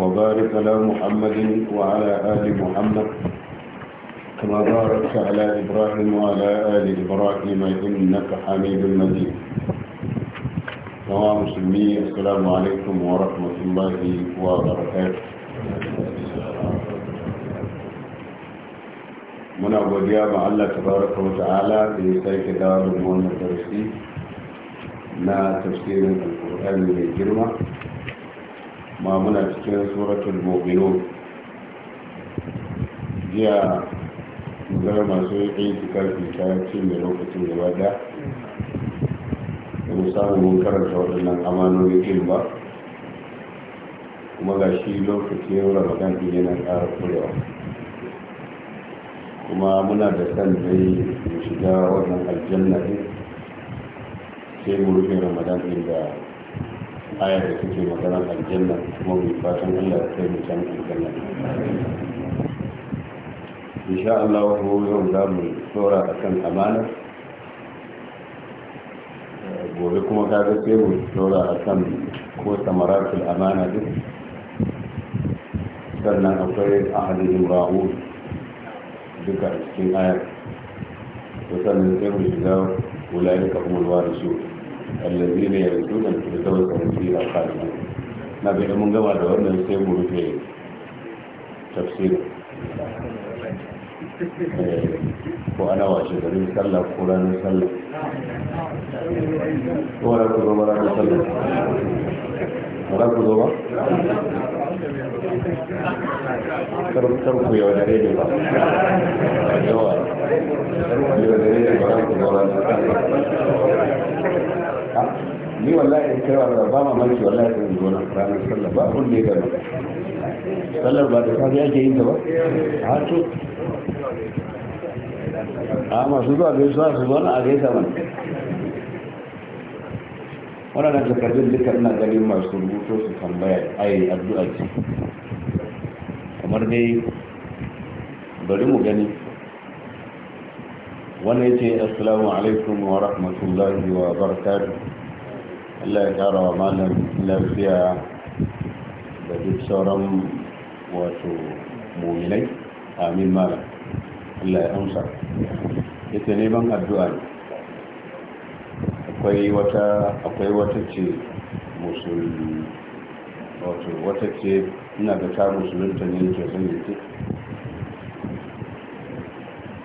وبارك على محمد وعلى آل محمد كما باركت على إبراهيم وعلى آل إبراهيم إنك حميد مجيد سواء مسلمي السلام عليكم ورحمة الله وبركاته من godiya مع الله تبارك وتعالى في سيك دار sake الدرسي da wannan القرآن من الجرمة ma muna cikin suratul mu'minun jiya zara masu yi tukarfi ta cinye lokacin gaba da mu samu mun karanta waɗannan amanoyi ɗin ba kuma ga shi lokacin ramadan ɗin yana ƙara kurewa kuma muna da san dai mu shiga wannan aljanna ɗin sai mu rufe ramadan ɗin da ayar da take maganar aljanna kuma mai fatan Allah ya kai mu can aljanna insha Allah ko yau za mu tsora kan amana gobe kuma ka ga sai mu tsora kan ko samaratul amana duk sannan akwai ahadin ra'ul duka a cikin ayar to sannan sai mu shiga wulayen kafin su. allazi ne ya rudu da su da wasu wasila kalibu na bai mun gama da wannan sai mu rufe tafsirin ko ana washe garin sallah ko ranar sallah ko ranar ku zama ranar sallah ranar ku zama kar ku ba da ni wallahi in kai wa ba ma maki wallahi in zo na ranar sallah ba kun ne gaba sallar ba da kaji yake yin ta ba a to a masu zuwa bai zuwa su zo na a gaisa mana waɗannan takardun duka ina ganin masu rubuto su tambaya ai addu'a ce kamar dai bari mu gani Wani ya ce assalamu alaikum wa rahmatullahi wa barakatu Allah ya kara wa malam lafiya da duk sauran wato mominai amin malam Allah ya amsa ita neman addu'a akwai wata akwai wata ce musulmi wato wata ce ina da ta musulunta ne ke zan yi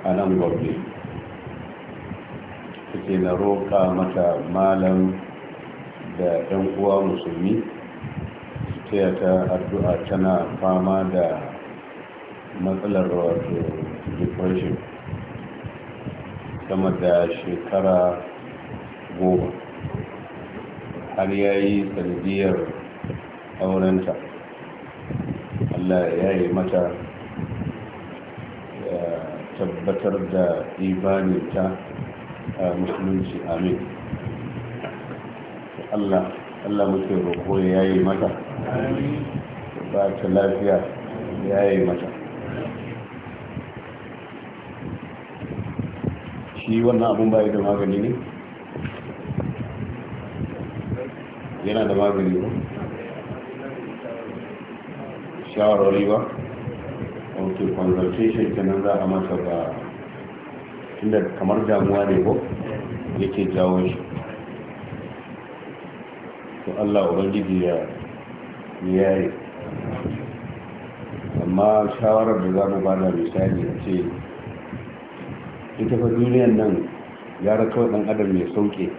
a nan gwamnati suke na roƙa mata malam da 'yan uwa musulmi su taya ta addu'a tana fama da matsalar wato depression sama da shekara goma har ya yi sanadiyar aurenta allah ya yi mata tabbatar da ibaninta musulunci amin Allah Allah muke roƙo ya yi mata ba ta lafiya ya yi mata shi wannan abun ba da magani ne yana da magani ba shawarwari ba ok consultation kenan za a mata ba tunda kamar damuwa ne ko yake jawo shi to Allah ubangiji ya yi. amma shawarar da za mu ba da misali a ce ita fa duniyar nan ya raka dan adam mai sauke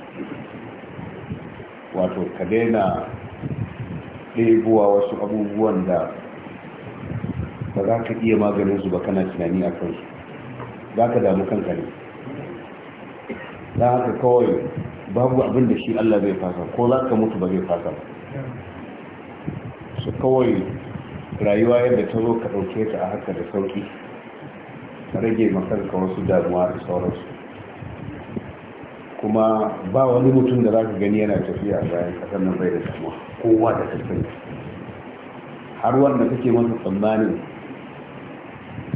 wato ka daina ɗebuwa wasu abubuwan da ba za ka iya maganin su ba kana tunani a kansu za ka damu kanka ne za ka kawai babu abin da shi Allah zai fasa ko za ka mutu ba zai fasa ba su kawai rayuwa yadda ta zo ka ɗauke ta a haka da sauki ka rage makarka wasu damuwa da sauransu kuma ba wani mutum da za ka gani yana tafiya a bayan ƙasar nan bai da damuwa kowa da tafiya har wanda kake masa tsammanin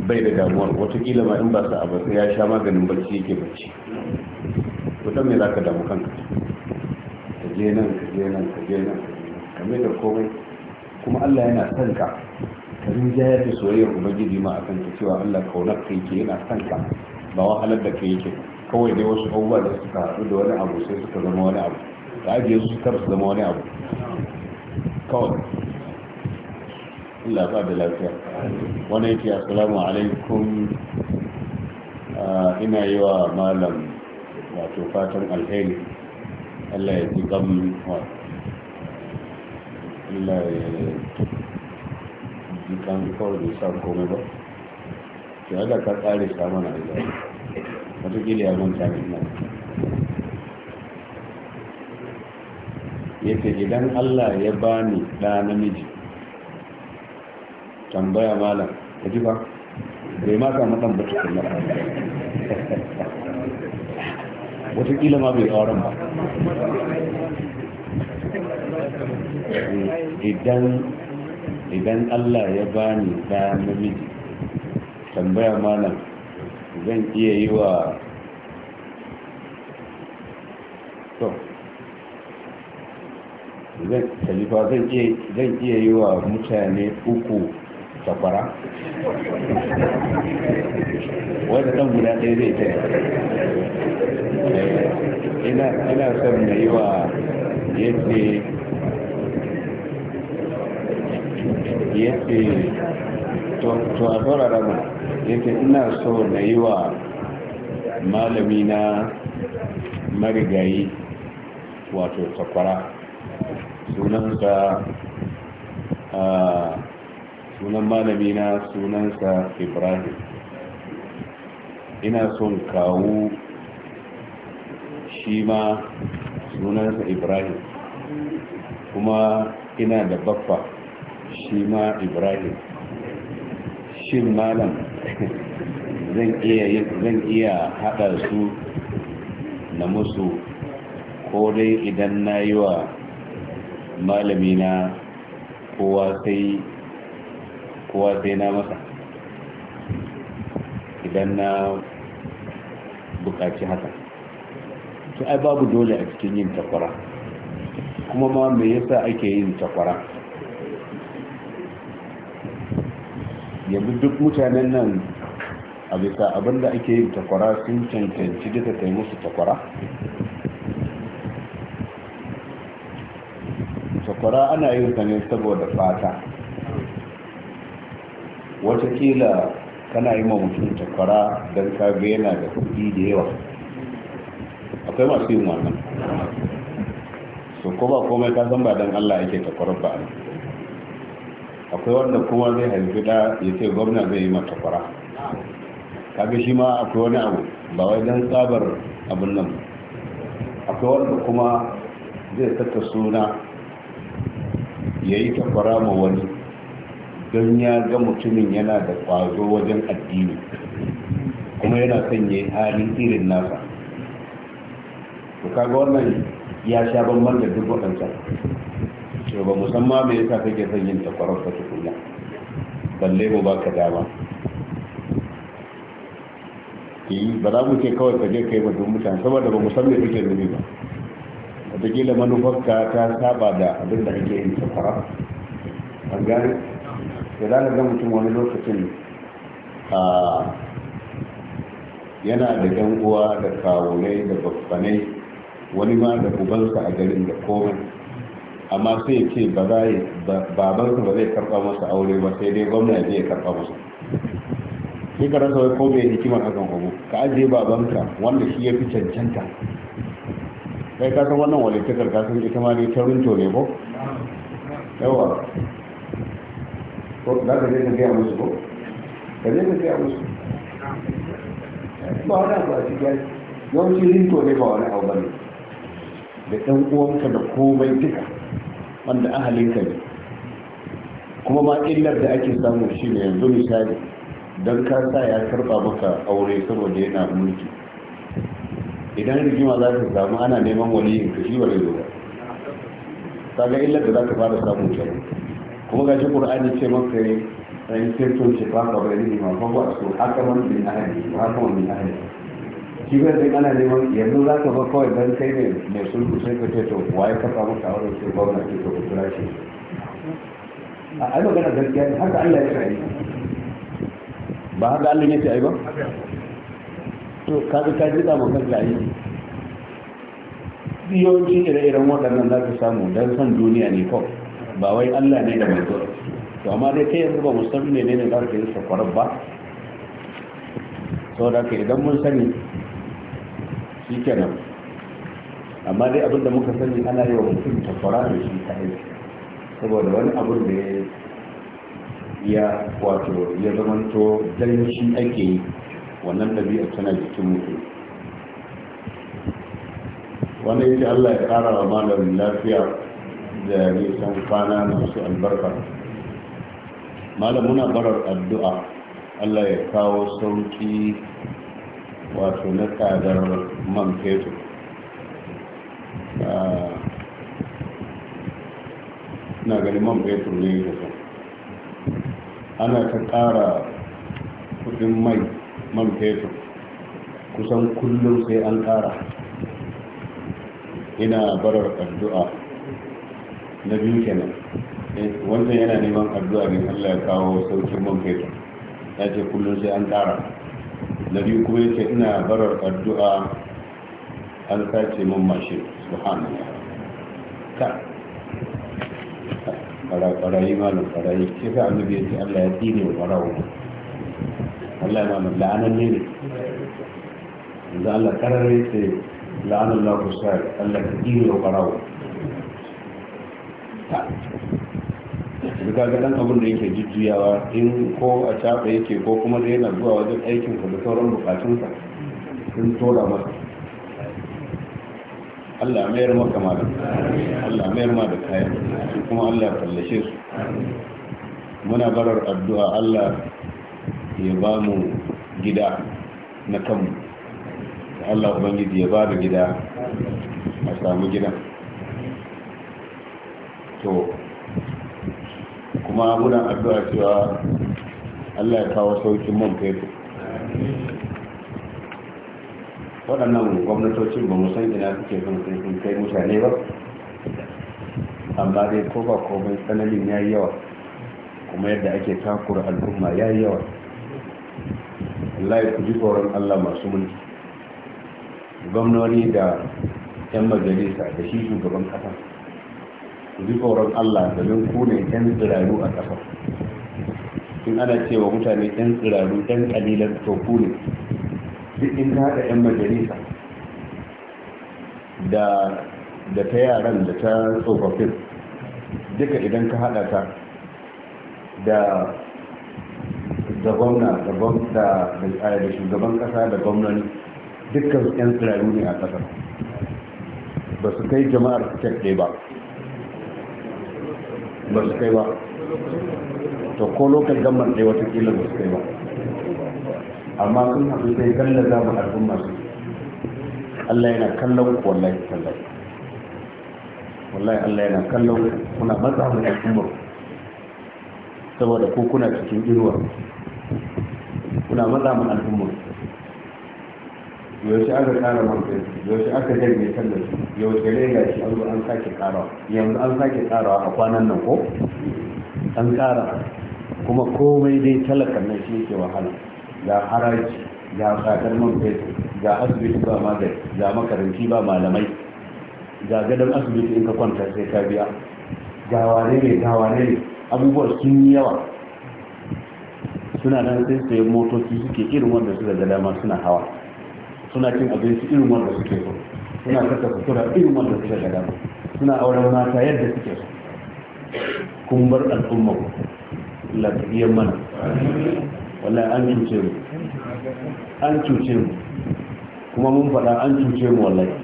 bai da damuwar watakila ma in ba su abu sai ya sha maganin barci yake barci Wata me za ka damu kanka ka je nan ka je nan ka je nan ka mai da komai kuma allah yana son ka ka rinjayar da soyayyar ubangiji ma kan ta cewa allah kaunar ka yake yana son ka ba wahalar da ka yake kawai dai wasu abubuwa da suka haɗu da wani abu sai suka zama wani abu da ajiye su kar su zama wani abu kawai Allah ba da lafiya wani yake assalamu alaikum ina yi wa malam wato fatan alheri Allah ya ji gam Allah ya ji kawai da sa komai ba ke ka ya manta ya ce idan Allah ya bani ɗa namiji tambaya malam ka ji ba bai ma samu ɗan bata kuma watakila ma bai tsoron ba idan allah ya ba ni ɗa namiji tambaya malam zan iya yi wa to zan iya yi wa mutane uku sakwara wadda ɗan guda ɗaya zai ta eh, ina son na yi wa yadda yadda tuwa-tuwa tsora rabu yadda ina so na yi wa malami na marigayi wato sunan ta ah, sunan malami na sunansa ibrahim ina son kawo shi ma sunansa ibrahim kuma ina da baffa shi ma ibrahim shin malam zan iya zan iya haɗa su na musu ko dai idan na yi wa malamina kowa sai kowa sai na masa idan na bukaci haka to ai babu dole a cikin yin takwara kuma ma me yasa ake yin takwara yanzu duk mutanen nan a bisa abinda ake yin takwara sun cancanci duka kai musu takwara takwara ana yin sa ne saboda fata watakila kana yi ma mutum takwara don ka ga yana da kuɗi da yawa akwai masu yin wannan su ko ba komai ka san ba don allah yake takwarar ba akwai wanda kuma zai haifi da ya ce gwamna zai yi ma takwara kaga shi ma akwai wani abu ba wai don tsabar abin nan akwai wanda kuma zai saka suna ya yi takwara ma wani don ya ga mutumin yana da ƙwazo wajen addini kuma yana son ya hali irin nasa to kaga wannan ya sha banban da duk waɗancan to ba musamman me yasa kake son yin takwarar ta tukuna balle ba ka dama ki eh, ba za mu ce kawai ka je kai ba duk mutane saboda ba mu san me kake nufi ba wataƙila manufarka ta saba da abin da ake yin takwarar an gane da za ga mutum wani lokacin yana da yan uwa da kawunai da babbanai wani ma da ubansa a garin da komai amma sai ce ba za yi babansa ba zai karɓa masa aure ba sai dai gwamna zai karɓa masa sai ka rasa wai ko mai hikimar hakan abu ka ajiye babanka wanda shi ya fi cancanta kai ka san wannan walittakar ka san ita ma ne ta runto ne ko yawa ko za ka je ka gaya musu ko ka je ka gaya musu ba wani abu a cikin yawanci rinto ne ba wani abu ne da ɗan uwanka da komai duka wanda ahalinka ne kuma ma illar da ake samu shi ne yanzu misali don ka sa ya karɓa maka aure saboda yana mulki idan rigima za ta samu ana neman wani yin shi ba zai zo ba kaga illar da za ka fara samu kenan kuma ga shi qur'ani ce maka in ce ba ka ma fa ba su haka man bin ahli ba haka man bin ahli shi ga dai ana neman yanzu za ka ba kawai dan kai ne mai sulhu sai ka ce to waye ka samu shawarar ce ce to ku kira shi a ai magana gaskiya ne haka Allah ya ba haka Allah ya tsaye ba to ka ga ka yawancin ire-iren waɗannan za ka samu don son duniya ne kawai ba wai Allah ne da manzo to amma dai kai yanzu ba mu san ne ne da ka yi sakwarar ba da ka idan mun sani shi kenan, amma dai abin da muka sani ana yi wa mutum takwara da shi yi, saboda wani abin da ya wato ya zamanto dan shi ake yi wannan ɗabi'a tana jikin mutum wanda yake Allah ya ƙara wa malamin lafiya jarisan kwana masu albarka malam muna barar addu'a allah ya kawo sauki wato na tsadar man fetur ah, na gani man fetur ne ya su ana ta ƙara kudin mai man fetur kusan kullum sai an ƙara ina barar addu'a na biyu kenan eh, wannan yana neman addu'a ne Allah ya kawo saukin man fetur ya ce kullum sai an ƙara na biyu kuma yake ina barar addu'a an sace man mashin subhanallah ka fara farayi malam farayi ke sa annabi ya ce Allah ya tsine wa farawo Allah ya malam la'anan ne ne yanzu Allah karare ce la'anan na kusa Allah ya tsine wa farawo kaga dan abin da yake jujjuyawa in ko a caɓa yake ko kuma da yana zuwa wajen aikin ka da sauran bukatunsa sun tora masa Allah mayar maka malam Allah mayar ma da kayan su kuma Allah tallashe su muna barar addu'a Allah ya ba mu gida na kanmu Allah ubangiji ya ba da gida a samu gidan to kuma muna addu'a cewa allah ya kawo saukin man fetur waɗannan gwamnatocin ba mu san ina suke sun sun kai mutane ba amma dai ko ba komai tsananin ya yi yawa kuma yadda ake takura al'umma ya yi yawa Allah ya ji tsoron Allah masu mulki gwamnoni da 'yan majalisa da shi shugaban kasa ku ji Allah domin ku ne yan tsiraru a ƙasa in ana cewa mutane yan tsiraru yan kalilan to ku ne duk in ta haɗa yan majalisa da da ta yaran da ta tsofaffin duka idan ka haɗa ta da da gwamna da da shugaban ƙasa da gwamnani dukkan yan tsiraru ne a ƙasa ba su kai jama'ar su ɗaya ba ba su kai ba to ko lokacin gamban ɗaya watakila ba su kai ba amma sun haɗu kalla za mu al'umma masu Allah yana kallon ku wallahi tallahi wallahi Allah yana kallon kuna matsa mu al'ummar saboda ku kuna cikin irwa kuna matsa mu al'umma yaushe aka kara mafi yaushe aka janye tallafi Yau gare ga shi an zo an sake karawa yanzu an sake karawa a kwanan nan ko an kara kuma komai dai talakan nan shi yake wahala ga haraji ga sakar man fetur ga asibiti ba magani ga makaranti ba malamai ga gadon asibiti in ka kwanta sai ka biya ga wane ne ga wane ne abubuwa sun yi yawa suna nan sai sai motoci suke irin wanda suka ga dama suna hawa suna cin abinci irin wanda suke so suna kasa sutura irin wanda suke da dama suna auren mata yadda suke so kun bar al'umma ku lafiyar mana wala an cuce mu an cuce mu kuma mun faɗa an cuce mu wallahi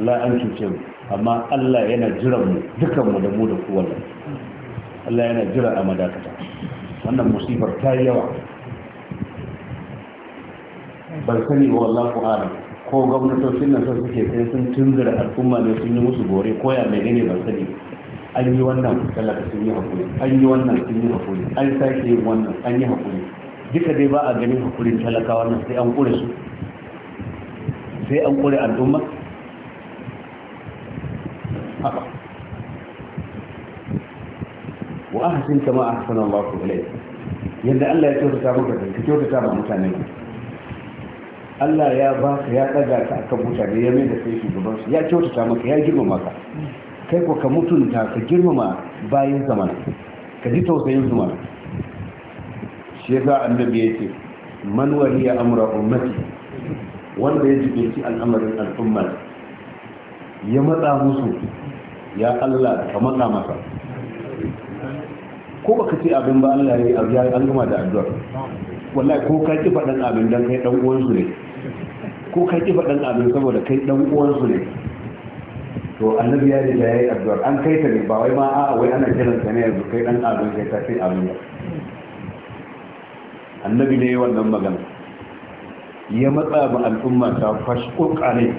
wala an cuce mu amma Allah yana jiran mu dukan mu da mu da ku wallahi Allah yana jira a madakata wannan musibar ta yawa bar sani ba ku ara, ko gwamnatocin nan sun suke sai sun tunzura al'umma ne sun yi musu gore ko ya mai gane bar sani an yi wannan talaka sun yi hakuri an yi wannan sun yi hakuri an sake yin wannan an yi hakuri duka dai ba a ganin hakurin talaka nan sai an kure su sai an kure al'umma haka wa ahsin kama ahsana Allahu ilayk yanda Allah ya kyautata maka ka kyautata ba mutane Allah ya ba ka ya ɗaga ka akan mutane ya mai da kai shugaban su ya kyautata maka ya girmama ka kai ko ka mutunta ka girmama bayan zamana ka ji tausayin su mana shi yasa annabi ya ce man waliya amra ummati wanda ya shi al'amarin al'umma ya matsa musu ya Allah ka matsa masa ko baka ce abin ba Allah ya yi an gama da addu'a wallahi ko ka ki faɗan abin dan kai dan uwansu ne ko ka kifa dan abin saboda kai ɗan uwansu ne to annabi ya riga ya yi addu'ar an kai ta ne ba wai ma a'a wai ana kiran ta ne yanzu kai ɗan abin kai ta sai abin ba annabi ne wannan magana ya matsa ma al'umma ta fashko kare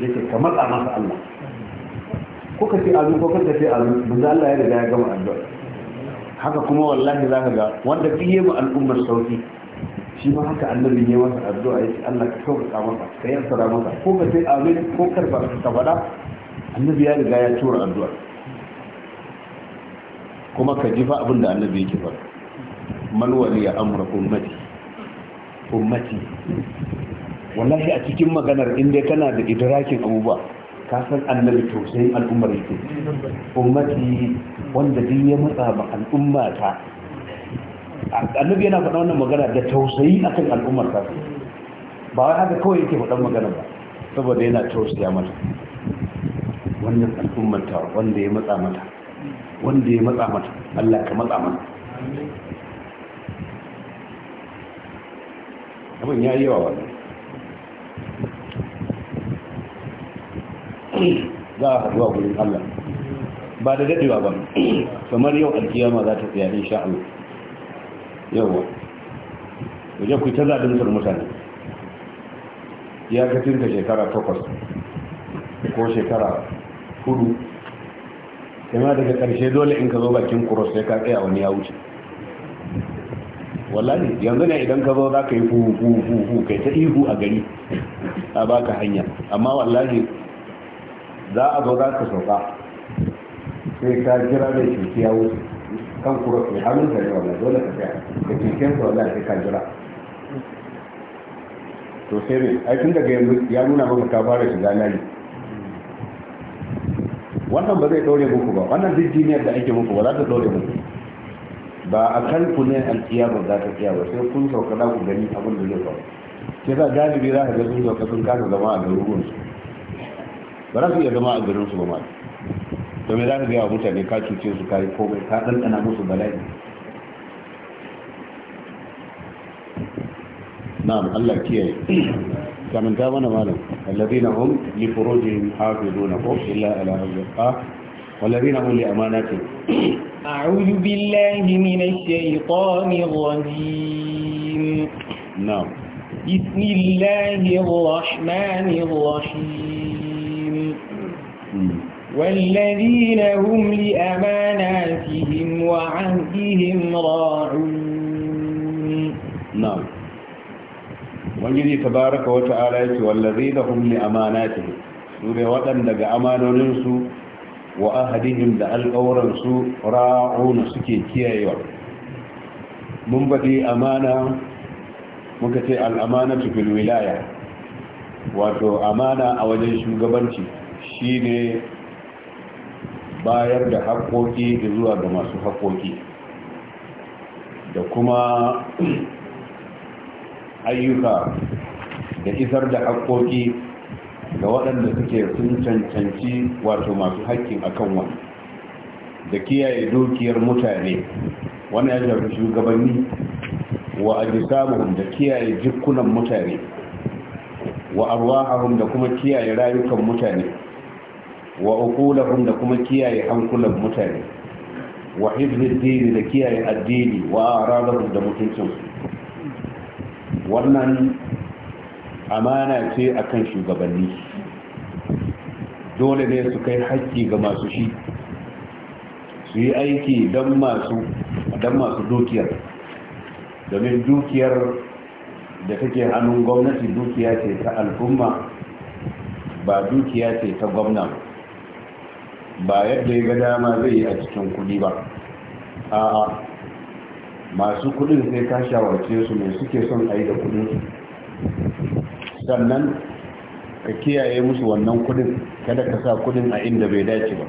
yake ka matsa masa Allah ko ka ce azu ko ka ce azu manzo Allah ya riga ya gama addu'a haka kuma wallahi zaka ga wanda fiye mu al'ummar sauki shi ma haka annabi ne masa addu'a yake Allah ka sauƙa masa ka yansara masa ko ka sai amin ko karba ka faɗa annabi ya riga ya tura addu'a kuma ka ji fa abin da annabi yake faɗa man ya amra ummati ummati wallahi a cikin maganar inda kana da idrakin abubuwa ka san annabi tausayin al'ummar yake ummati wanda din ya matsa ba al'ummata annabi yana faɗa wannan magana da tausayi akan al'ummar ta ba wai haka kawai yake faɗan magana ba saboda yana tausaya mata wannan al'ummar ta wanda ya matsa mata wanda ya matsa mata Allah ka matsa mata abin ya yi yawa wannan za a haɗuwa gurin Allah ba da daɗewa ba kamar yau alkiyama za ta tsaya insha Allah yawa wajen ku ta zaɗin sun mutane ya katin ka shekara takwas ko shekara hudu kama daga ƙarshe dole in ka zo bakin kuros sai ka tsaya wani ya wuce wallahi yanzu ne idan ka zo za ka yi huhu kai ta ihu a gari a baka hanya amma wallahi za a zo za ka sauka sai ka jira mai shi ya wuce kan kuros mai hannun ka ne wallahi dole ka tsaya da kekensa wallahi sai ka jira to sai ne ai tun daga yanzu ya nuna maka ka fara shiga layi wannan ba zai daure muku ba wannan duk jiniyar da ake muku ba za ta daure muku ba a kan ku ne alkiyama za ta tsaya ba sai kun sauka za ku gani abin da zai faru ke za galibi za ka ga sun sauka sun kasa zama a garuruwan su ba za su iya zama a garin su ba ma to me za ka wa mutane ka cuce su kai komai ka ɗanɗana musu bala'i na'am Allah kiyaye kamanta mana malam الذين هم لفروجهم حافظون hafizuna إلا illa ala azwajiha والذين هم لأماناتهم أعوذ بالله من الشيطان الرجيم نعم بسم الله الرحمن الرحيم والذين هم لأماناتهم وعهدهم راعون نعم ubangiji tabaraka wa ta'ala yake wallazina amana li amanatihim su ne waɗanda ga amanonin wa ahadihim da alƙawuran ra'una suke kiyayewa mun baɗi amana muka ce al'amanatu fil wilaya wato amana a wajen shugabanci shine bayar da haƙoƙi zuwa ga masu haƙoƙi da kuma ayyuka da isar da haƙoƙi ga waɗanda suke sun cancanci wato masu haƙƙin akan wani da kiyaye dukiyar mutane wani ya shafi shugabanni wa ajisamuhum da kiyaye jikunan mutane wa arwahahum da kuma kiyaye rayukan mutane wa uqulahum da kuma kiyaye hankulan mutane wa hifdhid da kiyaye addini wa aradahum da mutuncinsu wannan amana ce akan shugabanni dole ne su kai haƙƙi ga masu shi su yi aiki don masu dukiyar domin dukiyar da take hannun gwamnati dukiya ce ta al'umma ba dukiya ce ta gwamna ba yadda ya ga dama zai yi a cikin kudi ba a'a masu kudin sai ka shawarce su mai suke son a yi da kudin su sannan ka kiyaye musu wannan kudin kada ka sa kudin a inda bai dace ba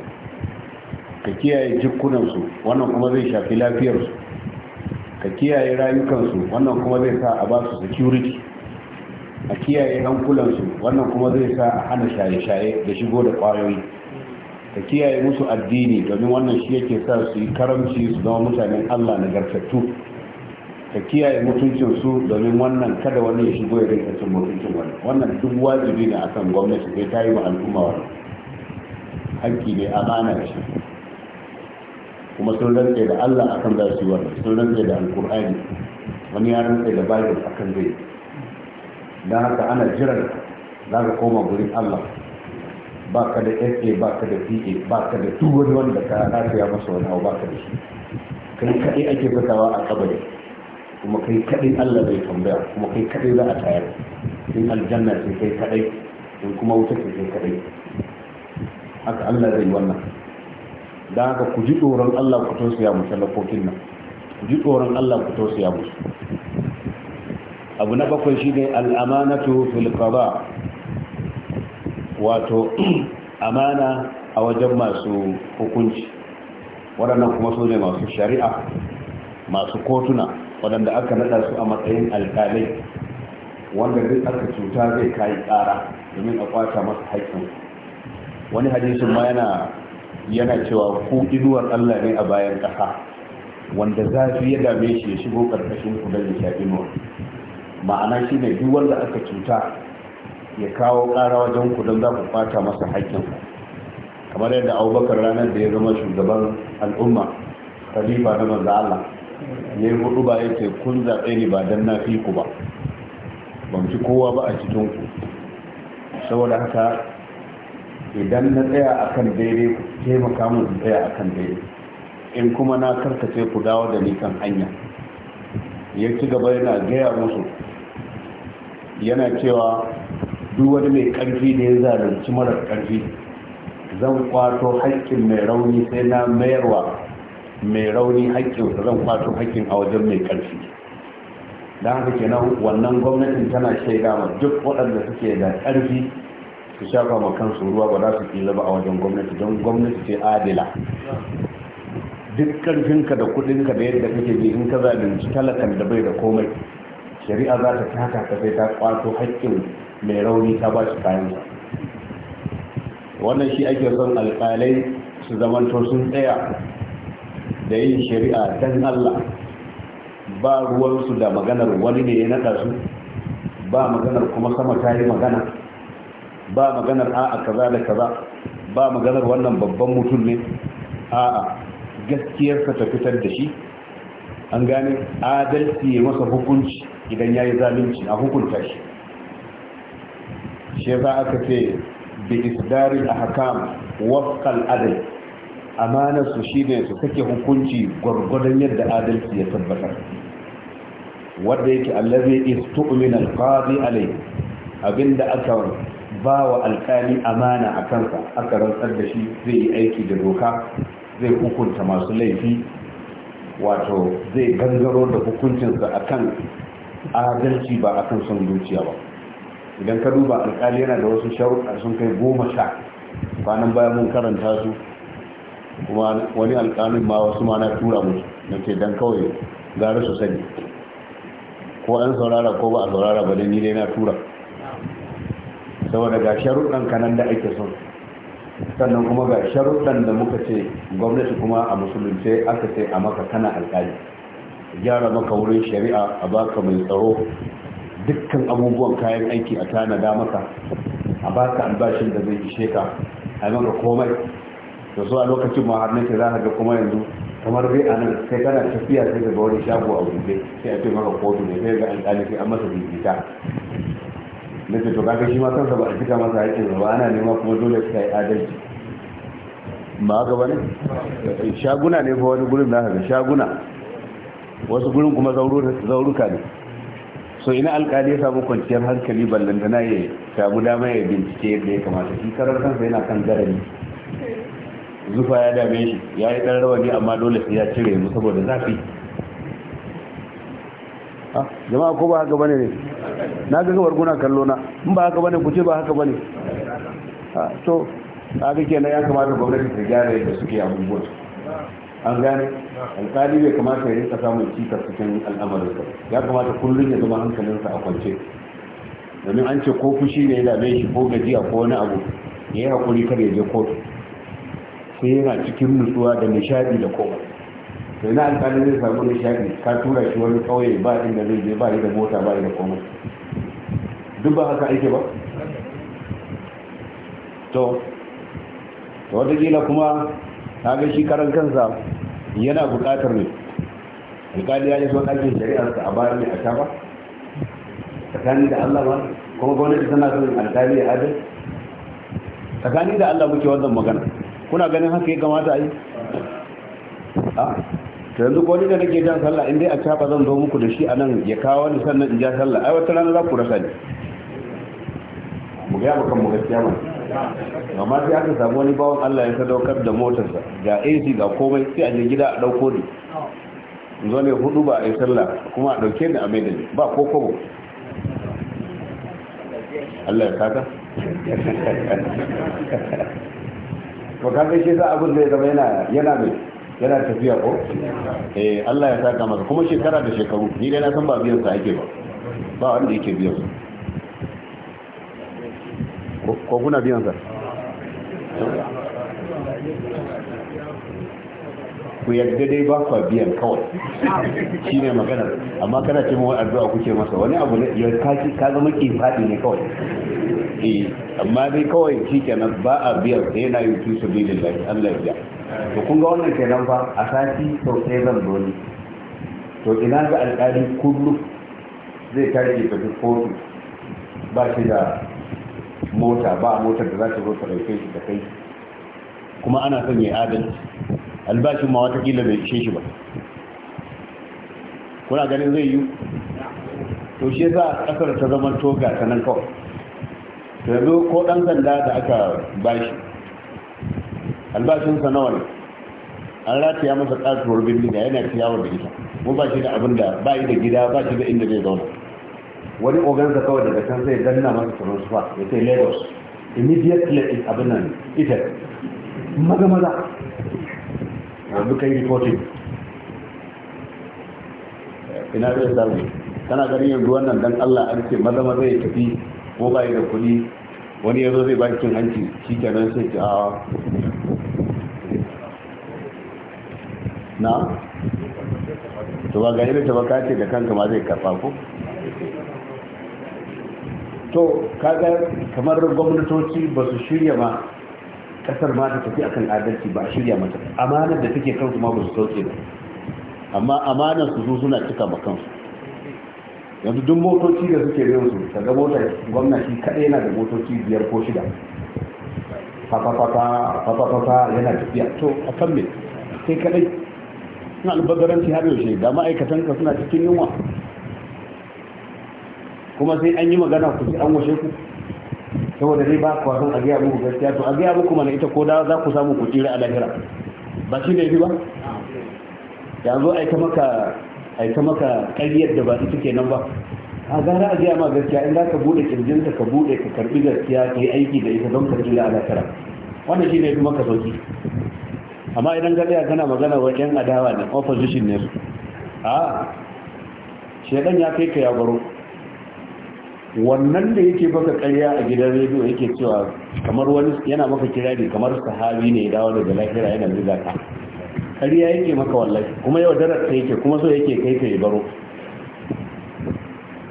ka kiyaye jikunansu wannan kuma zai shafi lafiyarsu ka kiyaye rayukansu wannan kuma zai sa a basu su security a kiyaye hankulansu wannan kuma zai sa a hana shaye-shaye da shigo da kwayoyi ka kiyaye musu addini domin wannan shi yake sa su yi karamci su zama mutanen Allah na gartattu. ka kiyaye mutuncin su domin wannan kada wani ya shigo ya rinka cin mutuncin wani wannan duk wajibi ne akan gwamnati sai ta yi wa al'umma wani hakki ne amana da shi kuma sun rantsa da Allah akan za su yi wannan sun rantsa da alkur'ani wani ya rantsa da bible akan zai don haka ana jiran za ka koma gurin Allah ba ka da sa ba ka da pa ba ka da duk wani wanda ka lafiya masa wani abu ba ka da shi kai kaɗai ake fitawa a kabari kuma kai kaɗai allah ya tambaya kuma kai kaɗai za a tayar in aljanna ce kai kaɗai in kuma wuta ce kai kaɗai haka allah zai wannan da haka ku ji tsoron allah ku tausaya musu talakokin nan ku ji tsoron allah ku tausaya musu abu na bakwai shi ne al'amanatu fil qada wato amana a wajen masu hukunci waɗannan kuma su ne masu shari'a masu kotuna waɗanda aka naɗa su a matsayin alƙalai wanda duk aka cuta zai kayi tsara domin a kwata masa haƙƙin wani hadisin ma yana cewa ku inuwar Allah ne a bayan ƙasa wanda zafi ya dame shi ya shigo ƙarƙashin ku da ya Ma'ana ma'ana shine duk wanda aka cuta ya kawo ƙara wajen ku don za ku ɓata masa haƙƙin kamar yadda abubakar ranar da ya zama shugaban al'umma khalifa na manzo Allah ne hudu ba yace kun zaɓe ni ba don na fi ku ba ban ci kowa ba a cikin ku saboda haka idan na tsaya a kan daidai ku taimaka mu tsaya a kan daidai in kuma na karkace ku dawo da ni kan hanya ya ci gaba yana gaya musu yana cewa duk wani mai ƙarfi da ya zalunci mara karfi zan kwato haƙƙin mai rauni sai na mayarwa mai rauni haƙƙin zan kwato haƙƙin a wajen mai karfi don haka kenan wannan gwamnatin tana shaida ma duk waɗanda suke da ƙarfi su shafa ma kansu ruwa ba za su kila ba a wajen gwamnati don gwamnati ce adila duk karfinka da kuɗinka da yadda kake bi in ka zalunci talakan da bai da komai shari'a za ta taka ka sai ta kwato haƙƙin mai rauni ta ba shi kayan wannan shi ake son alƙalai su zamanto sun tsaya da yin shari'a don allah ba ruwansu da maganar wani ne ya naɗa su ba maganar kuma sama ta yi magana ba maganar a'a kaza da kaza ba maganar wannan babban mutum ne a'a gaskiyarsa ta fitar da shi an gane adalci masa hukunci idan ya yi zalunci a hukunta shi shi za aka ce bi isdarin ahkam wafqal adl amanar su shine su kake hukunci gurgurdan yadda adalci ya tabbatar wanda yake allazi istu'mina alqadi alai abinda aka ba wa alkali amana a kansa aka rantsar da shi zai yi aiki da doka zai hukunta masu laifi wato zai gangaro da hukuncinsa akan adalci ba akan son zuciya ba idan ka duba alkali yana da wasu sharuɗa sun kai goma sha kwanan baya mun karanta su kuma wani alkalin ma wasu ma na tura musu na ke dan kawai gara su sani ko an saurara ko ba a saurara ba ni dai na tura saboda ga sharuɗan kanan da ake son sannan kuma ga sharuɗan da muka ce gwamnati kuma a musulunce aka ce a maka kana alkali gyara maka wurin shari'a a baka mai tsaro dukkan abubuwan kayan aiki a tanada maka a ka albashin da zai ishe ka a maka komai da zuwa lokacin ma har nake za ka ga kuma yanzu kamar dai a nan sai kana tafiya sai daga wani shago a wuce sai a ce maka kotu ne sai ga alƙali sai an masa bibita na ce to kaga shi ma kansa ba a cika masa haƙƙin ba ana nema kuma dole sai yi adalci ba haka bane shaguna ne fa wani gurin na haka shaguna wasu gurin kuma zauruka ne to ina alkali ya samu kwanciyar hankali ballantana ya samu dama ya bincike yadda ya kamata shi karar kansa yana kan garari zufa ya dame shi ya yi ɗan rawani amma dole sai ya cire mu saboda zafi ah, jama'a ko ba haka bane ne na ga gabar guna kallo na in ba haka bane ku ce ba haka bane ah, to a ga kenan ya kamata gwamnati ta gyara yadda suke abubuwan an gane alƙali bai kamata ya rinka samun cikas cikin al'amarinsa ya kamata kullum ya zama hankalinsa a kwance domin an ce ko fushi ne ya dame shi ko gajiya ko wani abu ya yi haƙuri kar ya je kotu sai yana cikin nutsuwa da nishadi da koma sai na alƙali zai samu nishadi ka tura shi wani ƙauye ba inda zai je ba yi da mota ba yi da koma duk ba haka ake ba to wataƙila kuma kaga shi karan kansa yana buƙatar ne alƙali ya yi son aikin shari'arsa a bayan ne a shafa tsakani da Allah ba kuma gwamnati tana son alƙali ya adal tsakani da Allah muke wannan magana kuna ganin haka ya kamata a yi a ta yanzu ko da nake jan sallah inda dai a shafa zan zo muku da shi a nan ya kawo ni sannan in ja sallah ai wata rana za ku rasa ni mu ga mu kan mu gaskiya mu amma sai aka samu wani bawon Allah ya sadaukar da motarsa ga AC ga komai sai a je gida a dauko ni zo ne hudu ba a yi sallah kuma a dauke ni a mai da ni ba ko kobo Allah ya kaka to kaga shi sa abin ya zama yana yana mai yana tafiya ko eh Allah ya saka masa kuma shekara da shekaru ni dai na san ba biyan sa ake ba ba wanda yake biyan sa ko kuna biyan sa ku yadda dai ba ku biyan kawai shi ne magana amma kana ce mawa addu'a kuke masa wani abu ne ya kaki ka zama ki faɗi ne kawai e amma dai kawai shi kenan ba a biyan sai yana yi tusu bilin lafi allah ya to kun ga wannan kenan fa a sati sau sai zan zo to ina ga alƙali kullum zai tare da kotu ba shi da mota ba motar da za ta zo ta ɗauke shi ta kai kuma ana son ya adalci albashin ma watakila bai ishe shi ba kuna ganin zai yi to shi a kasar ta zama toga ta nan kawai to yanzu ko ɗan sanda da aka bashi albashinsa nawa ne an rataya masa katuwar birni da yana ciyawar da ita mu ba shi da abin da ba da gida ba shi da inda zai zauna wani ogansa kawai daga can zai danna masa fa ya sai lagos immediately is abin nan ita maza maza yanzu kai reporting ina zai samu kana ganin yanzu wannan dan allah an ce maza maza ya tafi ko ba da kuɗi wani yanzu zai ba cin hanci shi kenan sai ce a na to ba ga irin tabaka ce da kanka ma zai karfa ko to kaga kamar gwamnatoci ba su shirya ma kasar ma ta tafi akan adalci ba shirya mata amanar da take kansu ma ba su sauke ba amma amana su zo suna cika ba kansu yanzu duk motoci da suke biyan su ga mota gwamnati kaɗai yana da motoci biyar ko shida fafafafa yana tafiya to a kan me sai kaɗai suna albabaranci har yaushe da ma'aikatan ka suna cikin yunwa kuma sai an yi magana ku ji an washe ku saboda zai ba ku son a gaya muku gaskiya to a gaya muku mana ita ko da za ku samu ku tsira a lahira ba shi ne ba yanzu aika maka aika maka ƙaryar da ba ita nan ba a gara a gaya ma gaskiya in za ka buɗe kirjinta ka buɗe ka karɓi gaskiya ka yi aiki da ita don ka tsira a lahira wannan shi ne kuma ka sauki amma idan ga tsaya kana magana wa yan adawa ne opposition ne a shedan ya kai ka ya baro wannan da yake baka karya a gidan rediyo yake cewa kamar wani yana maka kirari kamar sahabi ne ya dawo daga lahira yana zuga ka karya yake maka wallahi kuma yau darar ta yake kuma so yake kai ka baro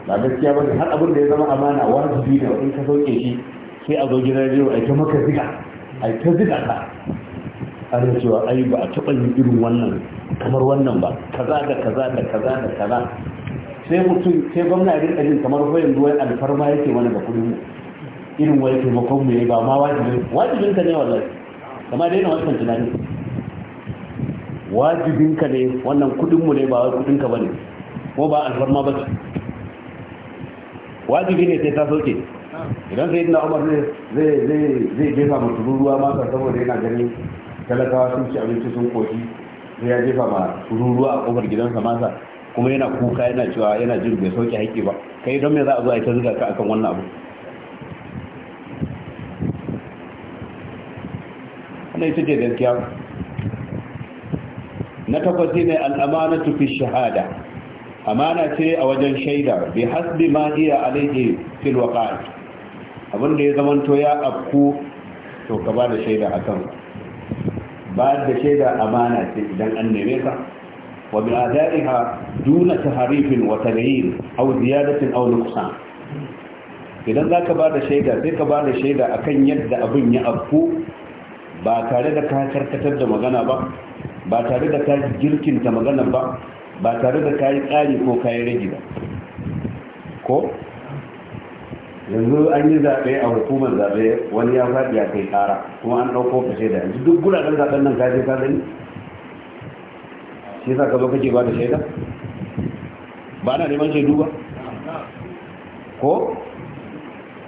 ba gaskiya ba har abin da ya zama amana wajibi da in ka sauke shi sai a zo gidan rediyo ai ta maka ziga ai ta ziga ka An yi cewa ai ba a taɓa yin irin wannan kamar wannan ba kaza da kaza da kaza da kaza sai mutum sai gwamna a rinka kamar wayan ruwan alfarma yake wani ga kudin mu irin wani taimakon mu ne ba ma wajibin wajibin ka ne wallahi kama dai na wannan tunani wajibin ka ne wannan kudin mu ne ba wai kudin ka bane ko ba alfarma ba wajibi ne sai ta soke idan sai na umar zai zai zai jefa mutum ruwa ma saboda yana ganin talakawa sun ci abinci sun koshi sai ya jefa ma tururuwa a kofar gidansa masa kuma yana kuka yana cewa yana jin bai sauke haƙƙi ba kai don me za a zo a ta zuga ka akan wannan abu wannan ita ce gaskiya na takwas ne al'amana fi shahada amana ce a wajen shaida bi hasbi ma iya alaihi fil waqa'i abin da ya zamanto ya afku to ka ba da shaida akan ba da shaida amana ce idan an neme ka ومن أدائها دون تحريف وتغيير أو زيادة أو نقصان idan za ka ba da shaida sai ka ba da shaida a kan yadda abin ya afku ba tare da ka karkatar da magana ba ba tare da ka girkinta magana ba ba tare da ka yi tsari ko ka yi rage ba ko yanzu an yi zaɓe a hukumar zaɓe wani ya faɗi a kai ƙara kuma an ɗauko ka shaida yanzu duk guraren zaɓen nan ka je ka gani shi sa ka zo kake ba da shaida ba na neman shaidu ba ko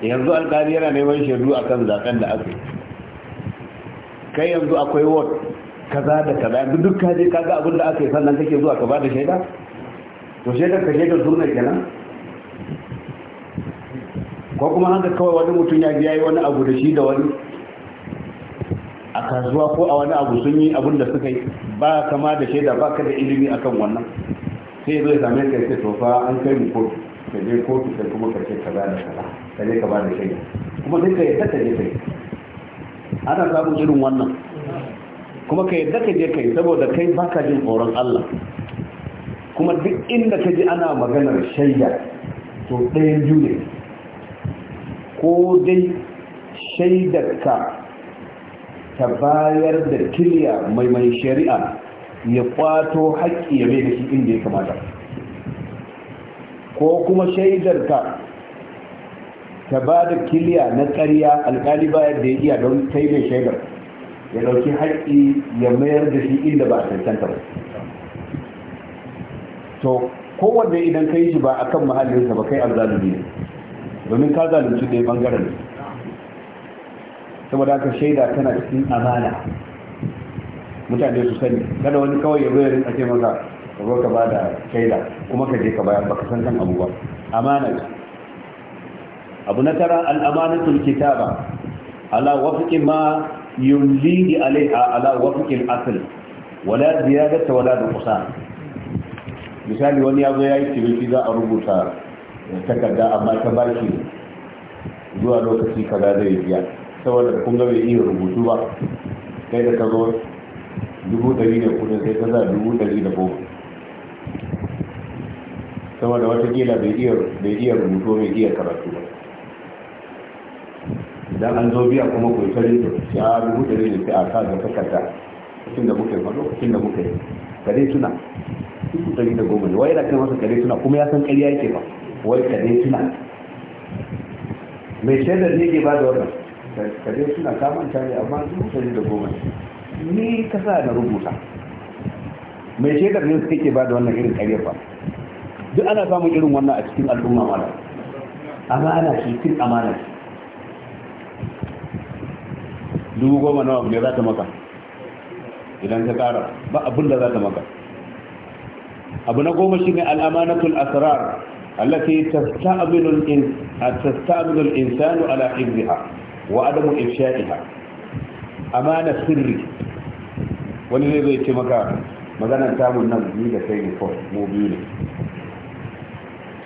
yanzu alkali yana neman shaidu akan zaɓen da aka kai yanzu akwai ka kaza da kaza yanzu duk ka je kaga abin da aka yi sannan kake zuwa ka ba da shaida to shaidar ka shaidar sunna kenan ko kuma haka kawai wani mutum ya biya yi wani abu da shi da wani kasuwa ko a wani abu sun yi abin da suka yi ba kama da shaida ba ka da ilimi akan wannan sai zai same ka ce to fa an kai mu kotu ka je kotu sai kuma ka ce da kaza ka je ka ba da shaida kuma sai ka yadda ka je kai ana samun irin wannan kuma ka yadda ka je kai saboda kai baka jin tsoron Allah kuma duk inda ka ji ana maganar shaida to ɗayan biyu ne ko dai shaidarka ta bayar da kiliya mai mai shari'a ya kwato haƙƙi ya mai da shi inda ya kamata ko kuma shaidarka ta ba da kiliya na ƙarya alƙali bayar da ya iya don kai mai shaidar ya ɗauki haƙƙi ya mayar da shi inda ba a cancanta ba to kowanne idan ka yi shi ba akan mahallinsa ba kai arzalumi ne domin ka zalunci ɗaya ɓangaren saboda aka shaida tana cikin amana mutane su sani kada wani kawai ya zo ya rinka ce maka ka zo ka ba da shaida kuma ka je ka bayar baka san kan abu ba amana abu na tara al'amanatul kitaba ala wafqi ma yumlihi alaiha ala wafqi al-asl wala ziyadata wala nuqsan misali wani ya yazo yi ciniki za a rubuta takarda amma ta baki zuwa lokaci kaza zai biya saboda kun ga bai iya rubutu ba sai da ta zo dubu ɗari da kudin sai ta za dubu ɗari da goma saboda gila bai iya rubutu mai iya karatu ba idan an zo biya kuma ku tare da ya dubu ɗari da sai a sa da takarda cikin da muke faɗo cikin da muke kare suna dubu ɗari da goma ne wai yana kai masa kare suna kuma ya san ƙarya yake ba wai kare suna mai shaidar ne ke ba da wannan Kare suna kamanta tare, amma dubu ɗari da goma ni ka sa na rubuta mai shekar ne suka ke ba da wannan irin ƙarya ba duk ana samun irin wannan a cikin al'umma mara amana shi cikin amana shi dubu goma nawa ne za ta maka idan ka ƙara ba abin da za ta maka abu na goma shi ne al'amanatul asrar allati tasta'milu al-insanu ala hifziha wa adamu ifsha'iha amana sirri wani ne zai ce maka maganar mun nan ni da kai ne ko mu biyu ne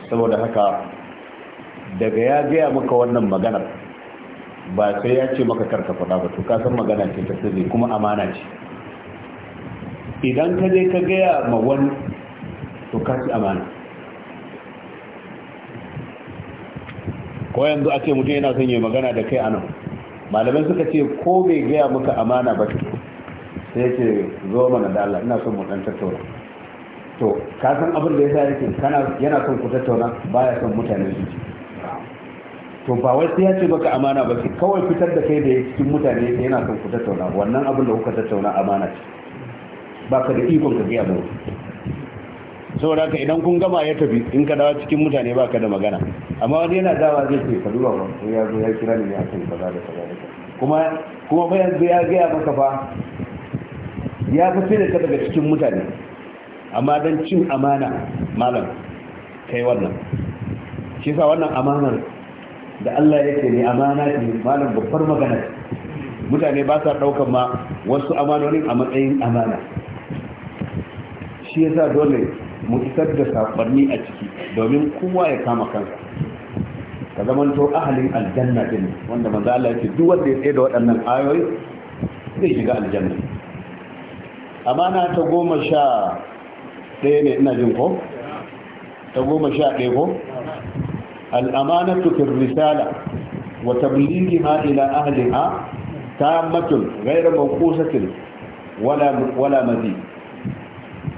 saboda haka daga ya gaya maka wannan maganar ba sai ya ce maka karka faɗa ba to ka san magana ce ta sirri kuma amana ce idan ka je ka gaya ma wani to ka ci amana ko yanzu ake mutu mutum yana son yi magana da kai anan malamai suka ce ko bai gaya maka amana ba sai ce zo mana da Allah ina son mu dan tattauna to ka san abin da yasa yake kana yana son ku tattauna baya son mutane su ji to ba wai sai ya ce baka amana ba sai kawai fitar da kai da cikin mutane yana son ku tattauna wannan abin da kuka tattauna amana ce ba ka da ikon ka gaya ba. saboda ka idan kun gama ya tafi in ka dawo cikin mutane ba ka da magana amma wani yana dawa zai ce ka duba ba ya zo ya kira ni ne akan kaza da za da kuma kuma fa yanzu ya gaya maka fa ya fi da ka daga cikin mutane amma dan cin amana malam kai wannan shi sa wannan amanar da Allah ya ce ne amana ce malam babbar magana mutane ba sa daukan ma wasu amanonin a matsayin amana shi yasa dole mu isar da saƙonni a ciki domin kowa ya kama kansa ka zamanto ahalin aljanna din wanda manzo Allah ya ce duk wanda ya tsaye da waɗannan ayoyi zai shiga aljanna amana ta goma sha ɗaya ne ina jin ko ta goma sha ɗaya ko al'amanatu fi risala wa tablighiha ila ahliha tammatun ghayra manqusatin wala wala mazid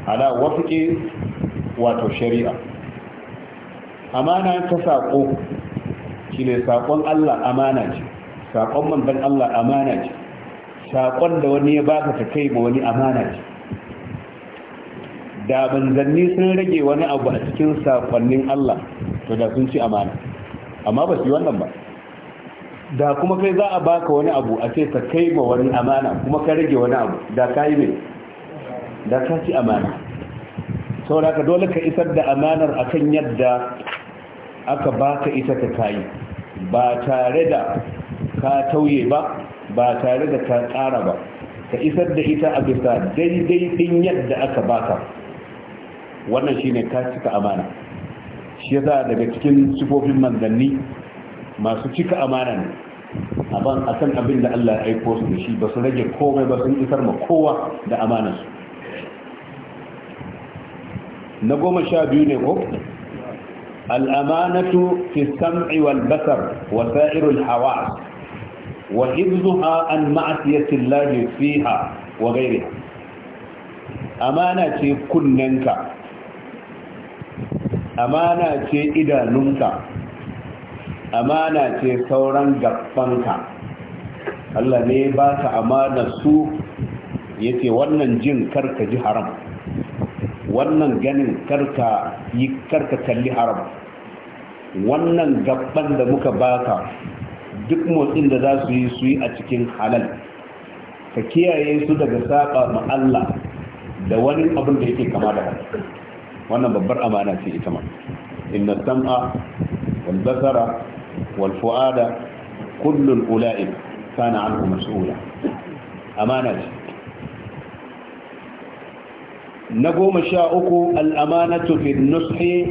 ala wafqi wato shari'a amana ta saƙo shi ne saƙon allah amana ce saƙon manzan allah amana ce saƙon da wani ya baka ta kai ma wani amana ce da zanni sun rage wani abu a cikin saƙonnin allah to da sun ci amana amma ba su yi wannan ba da kuma kai za a baka wani abu a ce ka kai ma wani amana kuma ka rage wani abu da ka yi mai da ka ci amana saboda dole ka isar da amanar akan yadda aka baka ita ka kayi ba tare da ka tauye ba ba tare da ka tsara ba ka isar da ita a bisa daidai din yadda aka baka wannan shine ka cika amana shi yasa daga cikin sufofin manzanni masu cika amana ne akan abin da Allah ya aiko su da shi ba su rage komai ba sun isar ma kowa da amanarsu na goma sha biyu ne ko al'amanatu fi sam'i wal basar wa sa'irul hawa wa hibzuha an ma'asiyati llahi fiha wa ghayriha amana ce kunnenka amana ce idanunka amana ce sauran gabanka Allah ne ba amana su yace wannan jin karka ji haram wannan ganin karka yi karka kalli haram wannan gaban da muka baka duk motsin da za su yi su yi a cikin halal ka kiyaye su daga saba ma Allah da wani abin da yake kama da haka wannan babbar amana ce ita ma inna sam'a wal basara wal fu'ada kullun ula'ik kana anhu mas'ula amana ce na goma sha uku al'amanatu fi nushi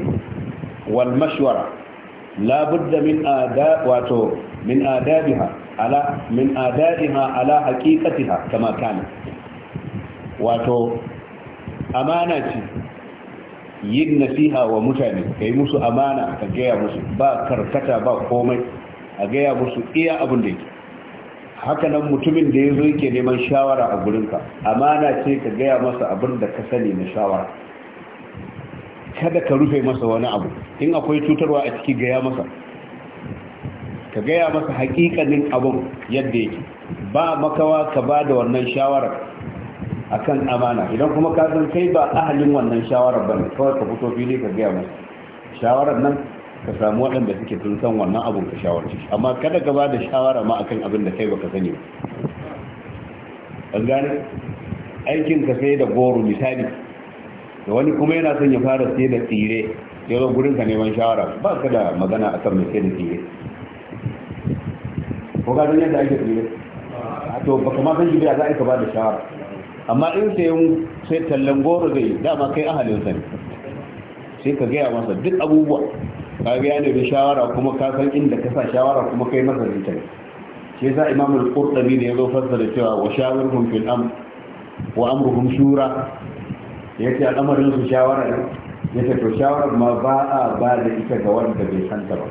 wal mashwara labudda min ada wato min ala min adabiha ala haqiqatiha kama kana wato amana ce yin nasiha wa mutane kai musu amana ka gaya musu ba karkata ba komai a gaya musu iya abin da yake haka nan mutumin da ya zo yake neman shawara a gurinka amana ce ka gaya masa abin da ka sani na shawara kada ka rufe masa wani abu in akwai cutarwa a ciki gaya masa ka gaya masa hakikanin abin yadda yake ba makawa ka ba da wannan shawarar akan amana idan kuma ka san kai ba ahalin wannan shawarar ba ne kawai ka fito fili ka gaya masa shawarar nan ka samu waɗanda suke sun san wannan abun ka shawarci amma kada ka ba da shawara ma akan abin da kai baka sani ba an gane aikin ka sai da goro misali da wani kuma yana son ya fara sai da tsire ya zo gurin ka neman shawara ba ka da magana akan mai sai da tsire ko ka san yadda ake tsire to ba kama san shi za a ka ba da shawara amma in sai sai tallan goro zai dama kai ahalin sa ne sai ka gaya masa duk abubuwa ka ga ya nemi shawara kuma ka san inda ka sa shawara kuma kai masa da ita shi yasa imam al-qurtubi ne yazo fassara cewa wa shawarhum fil amr wa amruhum shura yace al'amarin su shawara ne yace to shawara ma ba a ba da ita ga wanda bai san ta ba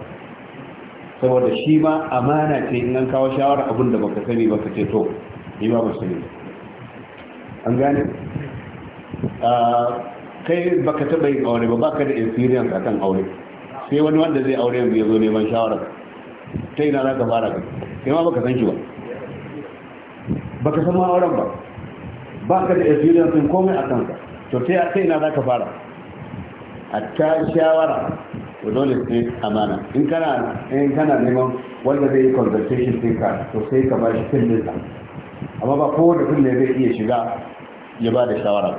saboda shi ma amana ce in an kawo shawara abin da baka sani ba ka ce to ni ba sani an gane ah, kai baka taba yin aure ba baka da experience akan aure sai wani wanda zai aure mu ya zo neman shawara ta ina za ka fara ka? Sai ma baka san shi ba baka san ma auren ba ba ka da experience din komai a kanka to ta ina za ka fara a ta shawara to dole sai amana in kana in kana neman wanda zai yi consultation din ka to sai ka ba shi kullin sa amma ba kowa da kullin zai iya shiga ya ba da shawara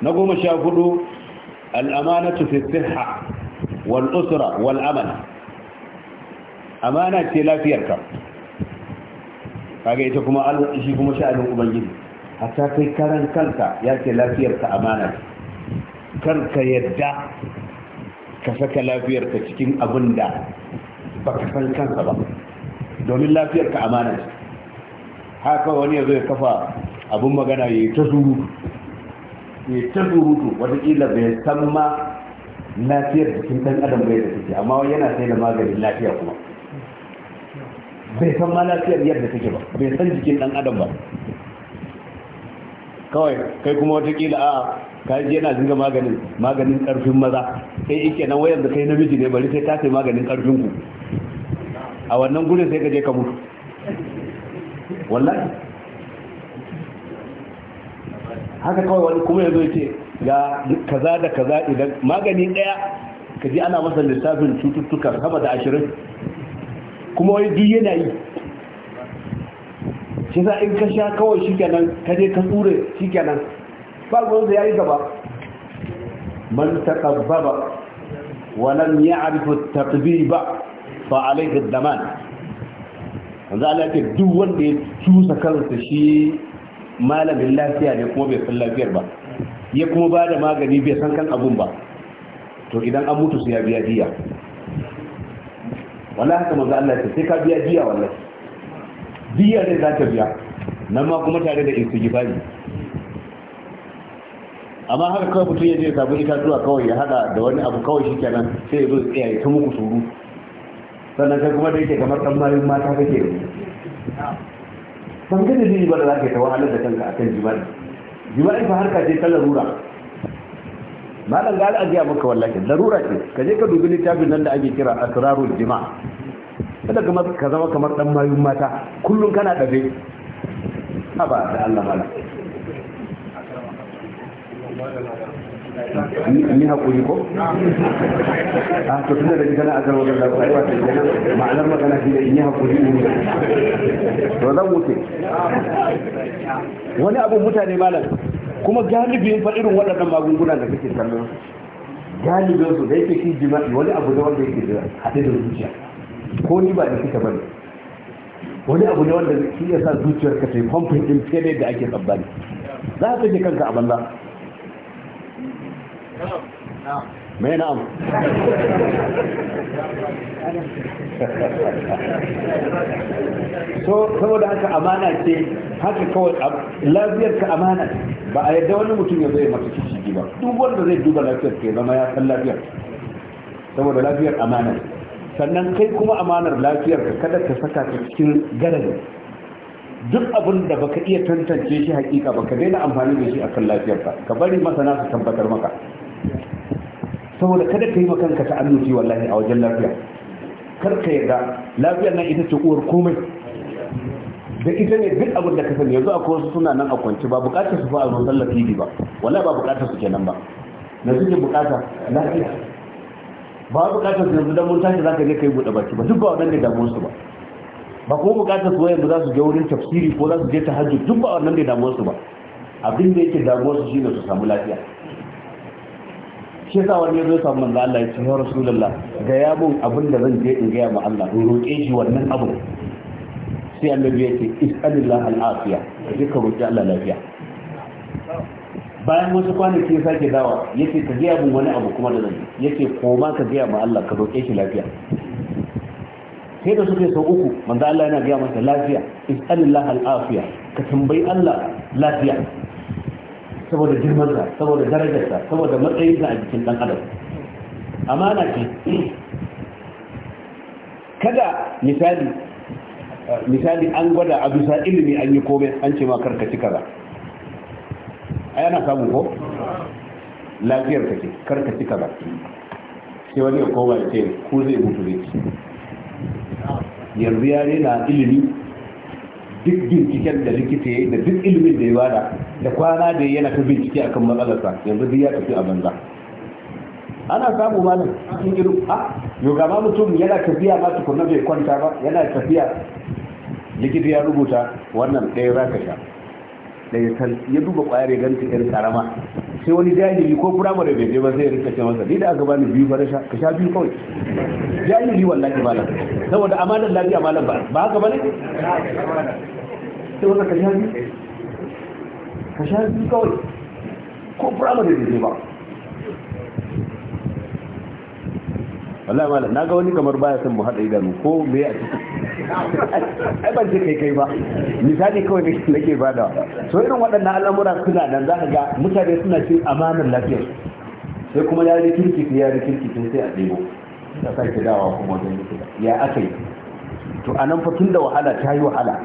na goma sha hudu al'amanatu fi siha wal usra wal amal amana ce lafiyarka kaga ita kuma shi kuma sha'anin ubangiji hatta kai karan kanka ya ce lafiyarka amana karka yadda ka saka lafiyarka cikin abin ba ka san kansa ba domin lafiyarka amana haka wani ya zo ya kafa abin magana ya yi ta zuru ke ta surutu watakila bai san ma lafiyar jikin ɗan adam bai da take amma yana sai da maganin lafiya kuma bai san ma lafiyar yadda take ba bai san jikin ɗan adam ba kawai kai kuma watakila a ka yana zinga maganin maganin ƙarfin maza sai ike na wayar da kai namiji ne bari sai ta sai maganin ƙarfin ku a wannan gudun sai ka je ka mutu wallahi haka kawai wani kuma ya zo ce ga kaza da kaza idan magani daya ka ji ana masa lissafin cututtuka sama da ashirin kuma wani duk yana yi shi za in ka sha kawai shi kenan ka je ka tsure shi kenan ba da ya yi gaba man taqabbaba ولم يعرف التطبيب فعليه الضمان wanda ala ke duk wanda ya cusa kansa shi malamin lafiya ne kuma bai san lafiyar ba ya kuma ba da magani bai san kan abun ba to idan an mutu sai ya biya diya wala haka maza Allah ce sai ka biya diya wallahi diya ne za ta biya nan ma kuma tare da istighfari amma haka kawai mutum ya je ya samu itatuwa kawai ya hada da wani abu kawai shi kenan sai ya zo tsaya ya ta muku suru sannan kai kuma da yake kamar ɗan mayun mata kake yanzu San ga dalili ba da za ka yi ta wahalar da kanka akan jima'i jima'i fa harka ce ta larura malam ga a gaya maka wallahi larura ce ka je ka dubi littafin nan da ake kira asrarul jima'a kada kamar ka zama kamar dan mayun mata kullum kana dabe haba da Allah malam ni ko? a ah, to tuna da ta ne to zan wuce wani abu mutane malam kuma galibin fa waɗannan magunguna da kake kallon galibin su zai yake shi jima'i wani abu da wanda yake a da zuciya ko ni ba da kika ne wani abu ne wanda shi ya sa zuciyar ta yi pumping din fiye da ake tsabbani za ka je kanka a banza mai na'am so saboda haka amana ce haka kawai lafiyar ka amana ba a yadda wani mutum ya zai mata kishi ba duk wanda zai duba lafiyar ka zama ya san lafiyar saboda lafiyar amana sannan kai kuma amanar lafiyar ka kada ka saka ta cikin garari duk abin da baka iya tantance shi hakika baka daina amfani da shi akan lafiyarka ka bari masana su tabbatar maka saboda kada ka yi ma kanka ta'annuci wallahi a wajen lafiya kar ka yarda lafiyar nan ita ce uwar komai da ita ne duk abin da ka sani yanzu akwai wasu suna nan a kwanci ba bukatar su fa a zuwa sallar fili ba wallahi ba bukatar su kenan ba na suke bukata lafiya ba bukatar su yanzu dan mun tashi zaka je kai buɗe baki ba duk ba wannan ne damuwar su ba ba ko bukatar su yanzu za su je wurin tafsiri ko za su je tahajjud duk ba wannan ne damuwar su ba abin da yake damuwar su shine su samu lafiya shi yasa wani ya zo samu manzo Allah ya ce ya rasulullah ga ya mun abin da zan je in ga ma Allah in roƙe shi wannan abu sai annabi ya ce is'alillah al'afiya je ka roƙi Allah lafiya bayan wasu kwanaki ya sake dawa yake ka ga mun wani abu kuma da zan yake koma ka ga ma Allah ka roƙe shi lafiya sai da suke sau uku manzo Allah yana ga masa lafiya is'alillah al'afiya ka tambayi Allah lafiya saboda girmansa saboda darajarsa saboda matsayinsa a jikin ɗan adam amana ce kada misali misali an gwada a bisa ilimi an yi komai an ce ma karkaci kaza a yana samun ko lafiyar ka ce karkaci kaza sai wani ya koma ya ce ku zai mutu ne yanzu ya rena ilimi duk binciken da likita da duk ilimin da ya bada da kwana da yana ta bincike akan matsalarsa yanzu duk ya tafi a banza ana samu malam cikin irin a ah, yoga ma mutum yana tafiya ma tukunna bai kwanta ba yana tafiya likita ya rubuta wannan ɗaya za ka sha da ya san ya duba kwayar ya ganta irin karama sai wani jahili ko firamare bai je ba sai ya rika ce masa ni da aka bani biyu fara sha ka sha biyu kawai jahili wallahi malam saboda amanar lafiya malam ba ba haka bane sai wannan ka sha biyu ka sha biyu kawai ko firamare bai je ba wallahi malam ga wani kamar baya son mu hada idanu ko me a cikin ai ban ce kai kai ba misali kawai da nake bada so irin waɗannan al'amura suna nan za ka ga mutane suna cin amanar lafiya. sai kuma ya yi kirki ya yi kirki sai a ɗebo da sake dawa kuma wajen ya aka yi to a nan fatun da wahala ta yi wahala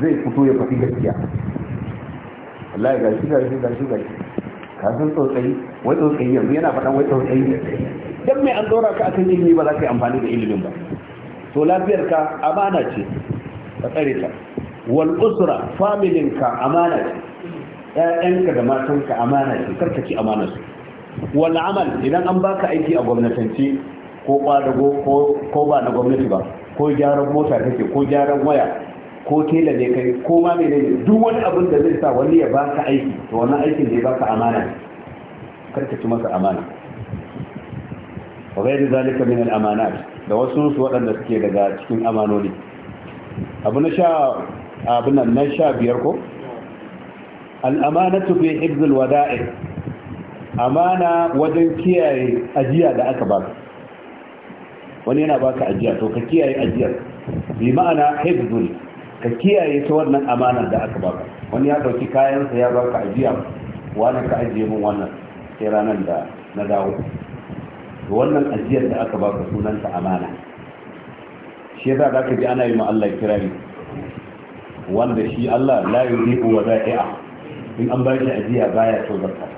zai fito ya fafi gaskiya wallahi ga shi ga shi ga shi ga shi kasan tsotsai wai tsotsai yanzu yana faɗan wai tsotsai dan mai an ɗora ka akan ilimi ba za ka yi amfani da ilimin ba to ka amana ce ka tsare ta wal usra familinka amana ce ka da matanka amana ce karka ci amana su wal amal idan an baka aiki a gwamnatance ko kwadago ko ko ba na gwamnati ba ko gyaran mota kake ko gyaran waya ko tela ne kai ko ma ne duk wani abin da zai sa wani ya baka aiki to wannan aikin da ya baka amana ne karka ci masa amana zalika min al amanat da wasu su waɗanda suke daga cikin amanoni abu na sha abu nan na sha biyar ko al'amanatu fi hibzul wada'i amana wajen kiyaye ajiya da aka ba wani yana baka ajiya to ka kiyaye ajiyar bi ma'ana hibzul ka kiyaye ta wannan amanar da aka ka, wani ya dauki kayansa ya baka ajiya wani ka ajiye mun wannan sai ranar da na dawo to wannan ajiyar da aka baka sunanta amana shi yasa za ka ji ana yi ma Allah kirari wanda shi Allah layu yuziku wa za'i'a in an ba shi ajiya baya tozarta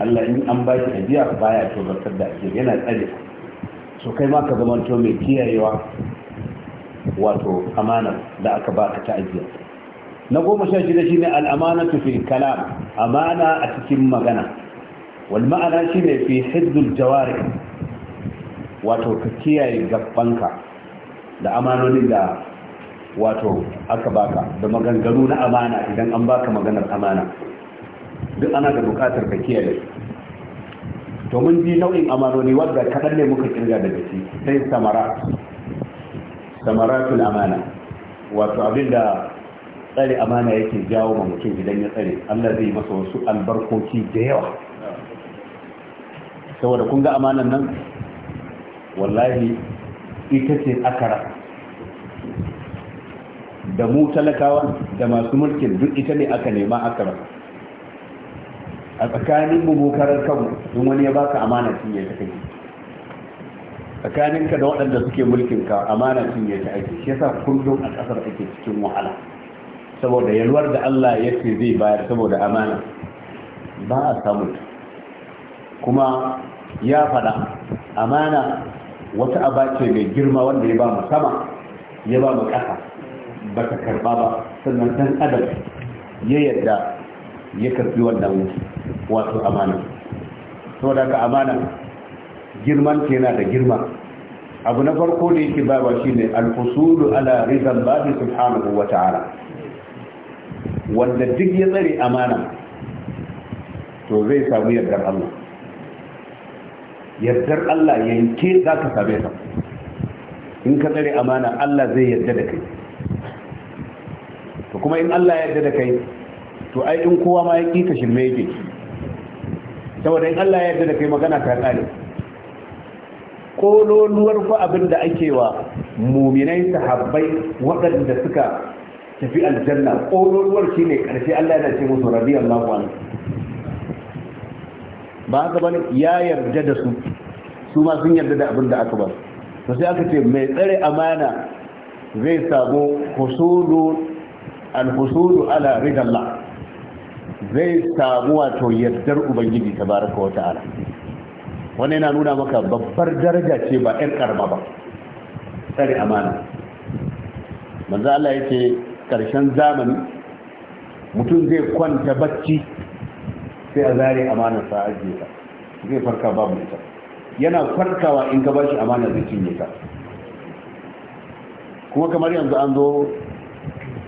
Allah in an ba shi ajiya baya tozartar da ake yana tsare so kai ma ka zamanto mai kiyayewa wato amana da aka baka ta ajiya na goma sha shida shi ne al'amana, fil kalam amana a cikin magana wal ma'ana shi ne fi hiddul jawari wato ka kiyaye gabbanka da amanonin da wato aka baka da maganganu na amana idan an baka maganar amana duk ana da bukatar ka kiyaye to mun ji nau'in amanoni wadda kaɗan ne muka kirga daga shi sai samara samaratul amana wato abinda tsare amana yake jawo ma mutum idan ya tsare Allah zai masa wasu albarkoki da yawa saboda kun ga amanan nan wallahi ita ce akara da mu talakawa da masu mulkin duk ita ne aka nema akara a tsakanin mu karar kanmu in wani ya baka amana cin ya ta kai tsakaninka da waɗanda suke mulkin ka amana cin ya ta aiki shi yasa kullum a ƙasar ake cikin wahala saboda yalwar da Allah ya ce zai bayar saboda amana ba a samun ta kuma ya faɗa amana wata aba ce mai girma wanda ya ba mu sama ya ba mu ƙasa ba ta karɓa ba sannan ɗan adam ya yadda ya karɓi wannan wato amana saboda ka amana girman ke yana da girma abu na farko da yake ba shi ne alfusulu ala rizan babi subhanahu wa ta'ala wanda duk ya tsare amana to zai samu yardar Allah yardar Allah yanke za ka same ta in ka tsare amana Allah zai yarda da kai to kuma in Allah ya yarda da kai to ai in kowa ma ya kika shirme yake saboda in Allah ya yarda da kai magana ka tsare kololuwar fa abin da ake wa muminai sahabbai waɗanda suka tafi aljanna kololuwar shine karshe Allah yana ce musu radiyallahu anhu ba haka bane ya yarda da su su ma sun yarda da abin da aka ba to sai aka ce mai tsare amana zai samu husulu al-husulu ala ridallah zai samu wato yardar ubangiji tabaraka wa ta'ala wannan yana nuna maka babbar daraja ce ba 'yan karma ba tsare amana manzo Allah yake karshen zamani mutum zai kwanta bacci sai a zare amanar sa ajiye ta zai farka babu ita yana farkawa in ka bashi amanar zai cinye ta kuma kamar yanzu an zo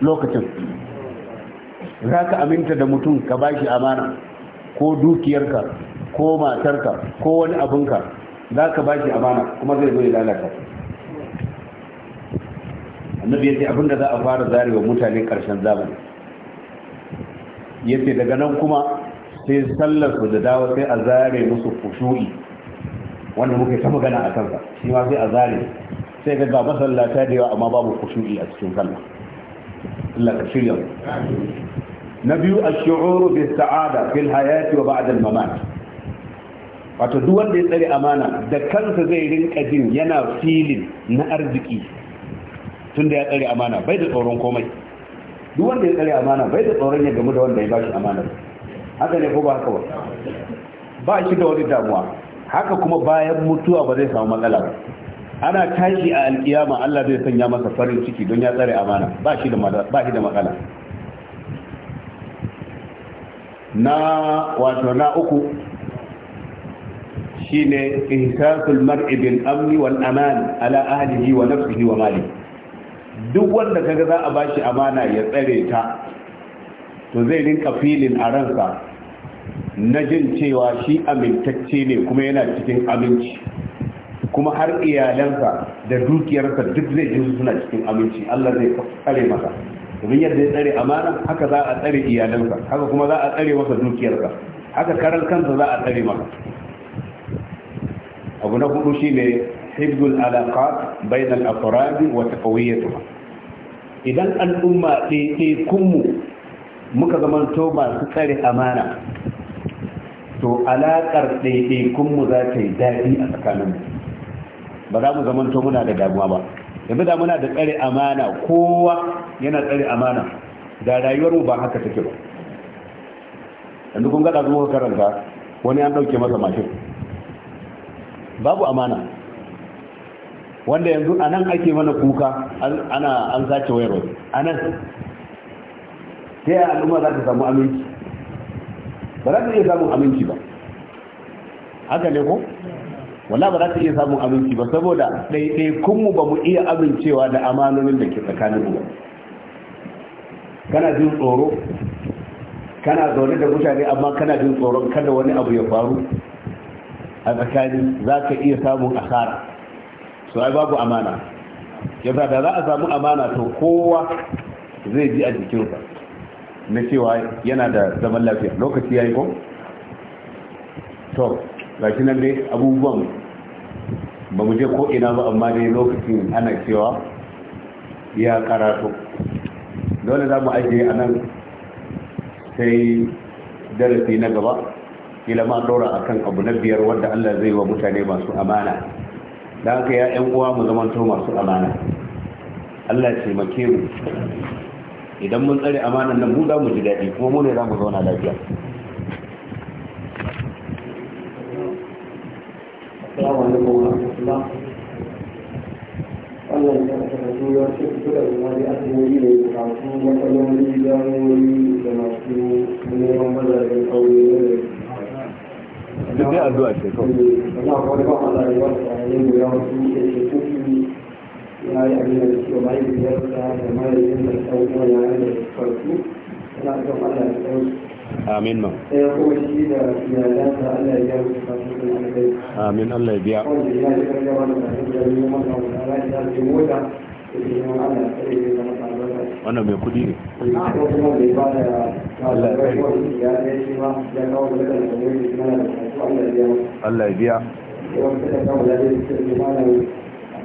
lokacin za ka aminta da mutum ka bashi amana ko dukiyarka ko matarka ko wani abinka za ka bashi amana kuma zai zo ya lalata annabi ya ce abinda za a fara zarewa mutane karshen zamani ya ce daga nan kuma sai sallar su da dawo sai a zare musu kushu'i wanda muke ta magana a kansa shi ma sai a zare sai ga ga masallata da yawa amma babu kushu'i a cikin sallah Allah ka shirya na biyu a shi'uru bi sa'ada fil hayati wa ba'da al mamat wato duk wanda ya tsare amana da kansa zai rinka jin yana filin na arziki tunda ya tsare amana bai da tsoron komai duk wanda ya tsare amana bai da tsoron ya gamu da wanda ya bashi amana haka ne ko ba haka ba ba shi da wani damuwa haka kuma bayan mutuwa ba zai samu matsala ba ana tashi a alkiyama Allah zai sanya masa farin ciki don ya tsare amana ba shi da ba shi da matsala na wato na uku shine ihsasul mar'i bil amni wal aman ala ahlihi wa nafsihi wa malihi duk wanda kaga za a bashi amana ya tsare ta to zai rinka filin a ransa na jin cewa shi amintacce ne kuma yana cikin aminci kuma har iyalansa da dukiyarsa duk zai ji suna cikin aminci Allah zai tsare masa domin yadda ya tsare amana haka za a tsare iyalansa haka kuma za a tsare masa dukiyarsa haka karan kansa za a tsare masa abu na hudu ne hibdul alaqat bainal afrad wa taqwiyatuha idan al'umma ɗaiɗaikunmu kunmu muka zama to masu tsare amana to alaƙar kunmu za ta yi daɗi a tsakaninmu ba za mu zama to muna da damuwa ba yanzu da muna da tsare amana kowa yana tsare amana da rayuwarmu ba haka take ba yanzu kun gada zuwa karanta wani an ɗauke masa mashin babu amana wanda yanzu anan ake mana kuka ana an sace wayar wani Anan. ta yaya al'umma za ta samu aminci ba za ta iya samun aminci ba haka ne ko wala ba za ta iya samun aminci ba saboda ɗaiɗaikunmu ba mu iya amincewa da amanonin da ke tsakanin ba kana jin tsoro kana zaune da mutane amma kana jin tsoron kada wani abu ya faru a tsakani za ka iya samun asara su ai babu amana Yasa da za a samu amana to kowa zai ji a jikinsa na cewa yana da zaman lafiya lokaci ya yi ko? to ga shi nan dai abubuwan ba mu je ko'ina ba amma dai lokacin ana cewa ya karatu. dole za mu ajiye a nan sai darasi na gaba kila ma ɗora a kan abu na biyar wadda allah zai wa mutane masu amana da haka ya 'yan uwa mu zamanto masu amana allah ce mu idan mun tsare amanan nan mu mu ji daɗi kuma mu ne za mu zauna lafiya ya ya ce da wani asibiyoyi da ya kasu matsaloli damuwoyi da masu ne da a da yayin da ya ya ta abin da ke da yin da ya yi da farko amin ma sai shi da Allah ya yi da amin Allah ya biya wanda ya yi da yi wannan mai kudi ne Allah ya biya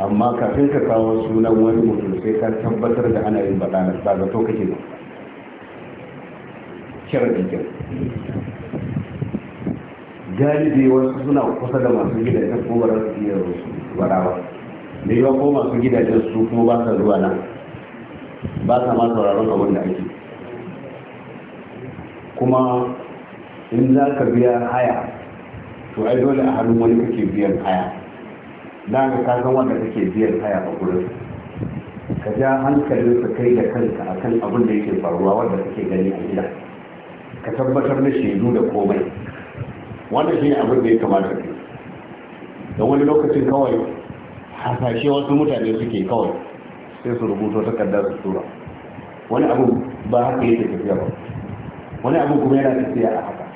amma kafin ka kawo sunan wani mutum sai ka tabbatar da ana yin baɗanar ba ga to kake ba sharaɗin kyau galibi wasu suna kusa da masu gidajen ko ba su iya rawa. da yawan ko masu gidajen su kuma ba sa zuwa nan ba sa ma sauraron abin da ake kuma in za ka biya haya to ai dole a hannun wani kake biyan haya da ga ka san wanda kake biyan haya a gurin ka ja hankalin su kai da kanka kan abin da yake faruwa wanda kake gani a gida ka tabbatar da shaidu da komai wannan shine abin da ya kamata ka don wani lokacin kawai hasashe wasu mutane suke kawai sai su rubuto takardar su tura wani abu ba haka yake tafiya ba wani abu kuma yana tafiya a haka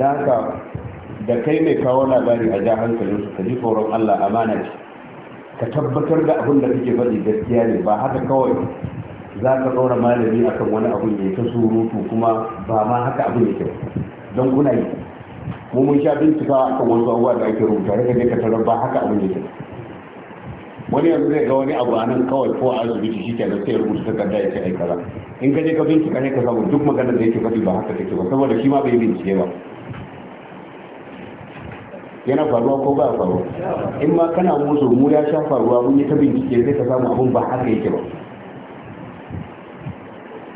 da haka da kai mai kawo labari a ja su ka ji tsoron allah amana ce ka tabbatar da abin da kake faɗi gaskiya ne ba haka kawai za ka ɗora malami akan wani abin da ya ta surutu kuma ba ma haka abin kyau don kuna yi mu mun sha bincika akan wasu abubuwa da ake rubuta daga ne ka tarar ba haka abin kyau wani yanzu zai ga wani abu a nan kawai ko a asibiti shi kenan sai rubuta takarda ya ce aikala in ka je ka bincika ne ka samu duk maganar da yake faɗi ba haka take ba saboda shi ma bai bincike ba yana faruwa ko ba faruwa in ma kana musu mu ya sha faruwa mun yi ta bincike sai ka samu abun ba haka yake ba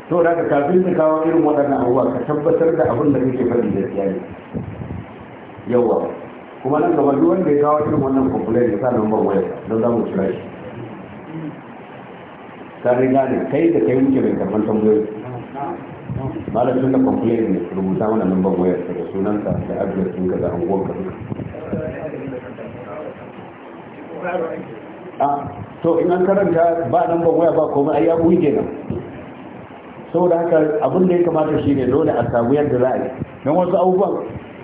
to da ka kafin ka kawo irin waɗannan abubuwa ka tabbatar da abin da kake faɗi gaskiya ne yawa kuma nan gaba duk wanda ya kawo irin wannan complaint ya sa lambar waya don za mu kira shi ka riga ne kai da kai muke mai karɓar tambayoyi malam suka complain ne rubuta mana lambar wayar ta da sunanta da address ɗinka da anguwar ka duka a ah, to in an karanta ba lambar waya ba komai ai ya buge nan saboda haka abin da ya kamata shi ne dole a samu yadda za a yi don wasu abubuwan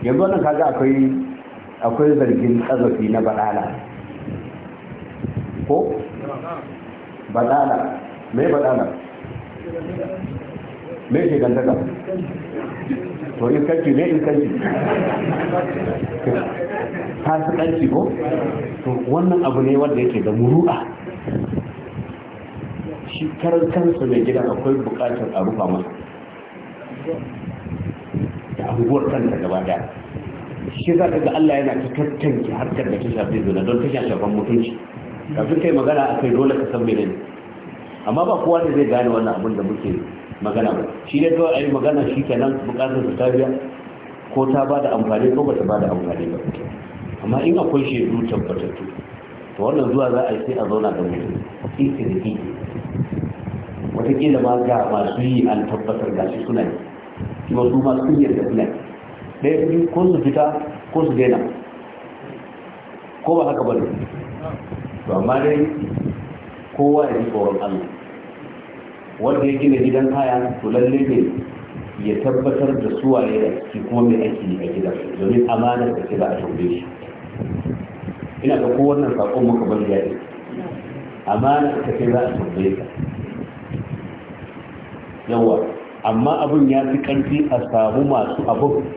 yanzu wannan kaga akwai akwai zargin kazafi na badala ko badala me badala me ke gantaka to iskanci ta su fasikanci ko to wannan abu ne wanda yake da muru'a shi karantar su mai gidan akwai bukatar a rufa masa da abubuwar kanta gaba daya shi za ka ga Allah yana ta tattanki harkar da ta shafi zuna don ta shafan mutunci kafin kai magana a kai dole ka san menene amma ba kowa ne zai gane wannan abin da muke magana ba shi ne kawai a yi magana shi nan bukatar su tariya ko ta ba da amfani ko ba ta ba da amfani ba amma in akwai shaidu tabbatattu to wannan zuwa za a yi sai a zauna da mutum titi da titi wataƙila ma ga masu yi an tabbatar ga shi suna yi kuma su ma sun yarda suna yi ɗaya yi ko su fita ko su daina ko ba haka ba ne to amma dai kowa ya ji tsoron allah wanda ya gina gidan haya to lalle ne ya tabbatar da waye da ciki kuma mai aiki a gidan domin amana da ke za a tambaye shi ina ga ko wannan sakon muka bar ya yi Amana da ke za a tambaye ka yawa amma abin ya fi karfi a samu masu abun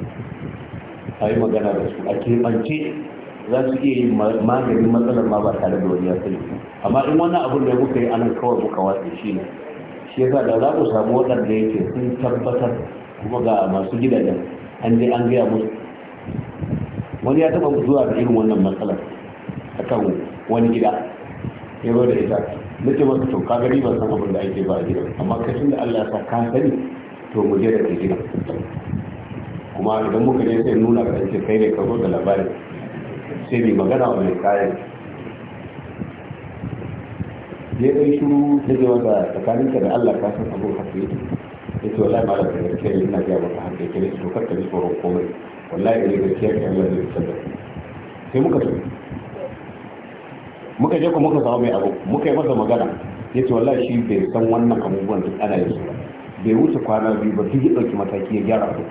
a yi magana da su a keɓance za su iya yin maganin matsalar ma ba tare da wani ya sani amma in wani abun da muka yi anan kawai muka watsa shi ne shi yasa da za ku samu waɗanda yake sun tabbatar kuma ga masu gidajen an je an gaya musu wani ya taɓa zuwa da irin wannan matsalar kan wani gida ya zo da ita na ce masu gari ka ba san abin da ake ba a gidan amma kashin da Allah ya sa ka sani to mu je da kai gidan kuma idan muka je sai nuna ka ce kai ne ka zo da labarin sai mai magana wa mai kayan je ɗan shuru ta je wanda tsakaninka da Allah ka san abu haka yake ya ce wallahi ma da gaske ne ina ga maka haka yake ne to kar ta ji tsoron komai wallahi ne gaske ka Allah zai tsada sai muka tafi muka je kuma muka samu mai abu muka yi masa magana ya ce wallahi shi bai san wannan abubuwan duk ana yin su ba bai wuce kwana biyu ba duk ya ɗauki mataki ya gyara su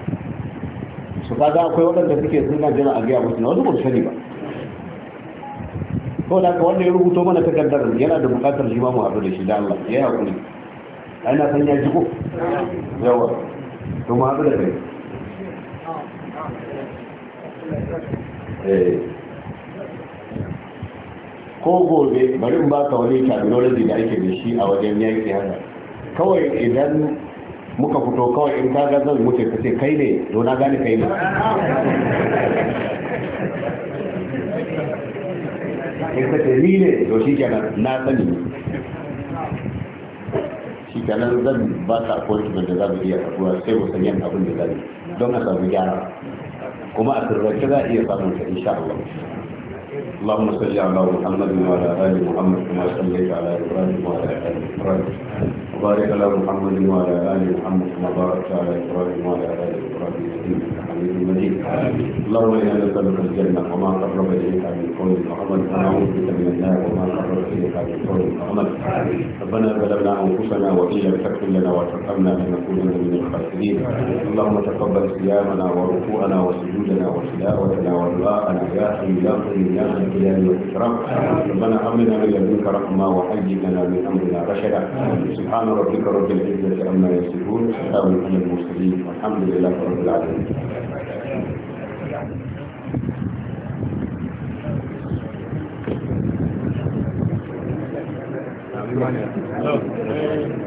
su kaga akwai waɗanda suke suna jira a gaya musu na wasu ba su sani ba ko da ka wanda ya rubuto mana takardar yana da bukatar shi ba mu haɗu da shi da Allah ya hakuri ai na san ya ji ko yawa to mu haɗu da kai eh. ko gobe bari in baka wani technology da ake da shi a wajen yanki haka kawai idan muka fito kawai in ka ga zan mutu ka ce kai ne dona na gane kai ne in ka ce ni ne to shi kenan na sani shi kenan zan ba ta appointment da za mu iya kafuwa sai ku san yan abin da zai don a samu gyara kuma a sirrance za a iya samun ta insha Allah اللهم صل على محمد وعلى ال محمد كما صليت على ابراهيم وعلى ال ابراهيم وبارك على محمد وعلى ال محمد كما باركت على ابراهيم وعلى ال ابراهيم اللهم انا نسالك الجنه وما قرب اليها من قول وعمل ونعوذ بك من النار وما قرب اليها من قول وعمل ربنا بلغنا انفسنا وان لم تكن لنا وترحمنا لنكونن من الخاسرين اللهم تقبل صيامنا وركوعنا وسجودنا وتلاوتنا ودعاءنا يا حي يا قيوم يا ذا الجلال والاكرام ربنا امنا من لدنك رحمه وحيي لنا من امرنا رشدا سبحان ربك رب العزه عما يصفون وسلام على المرسلين والحمد لله رب العالمين imani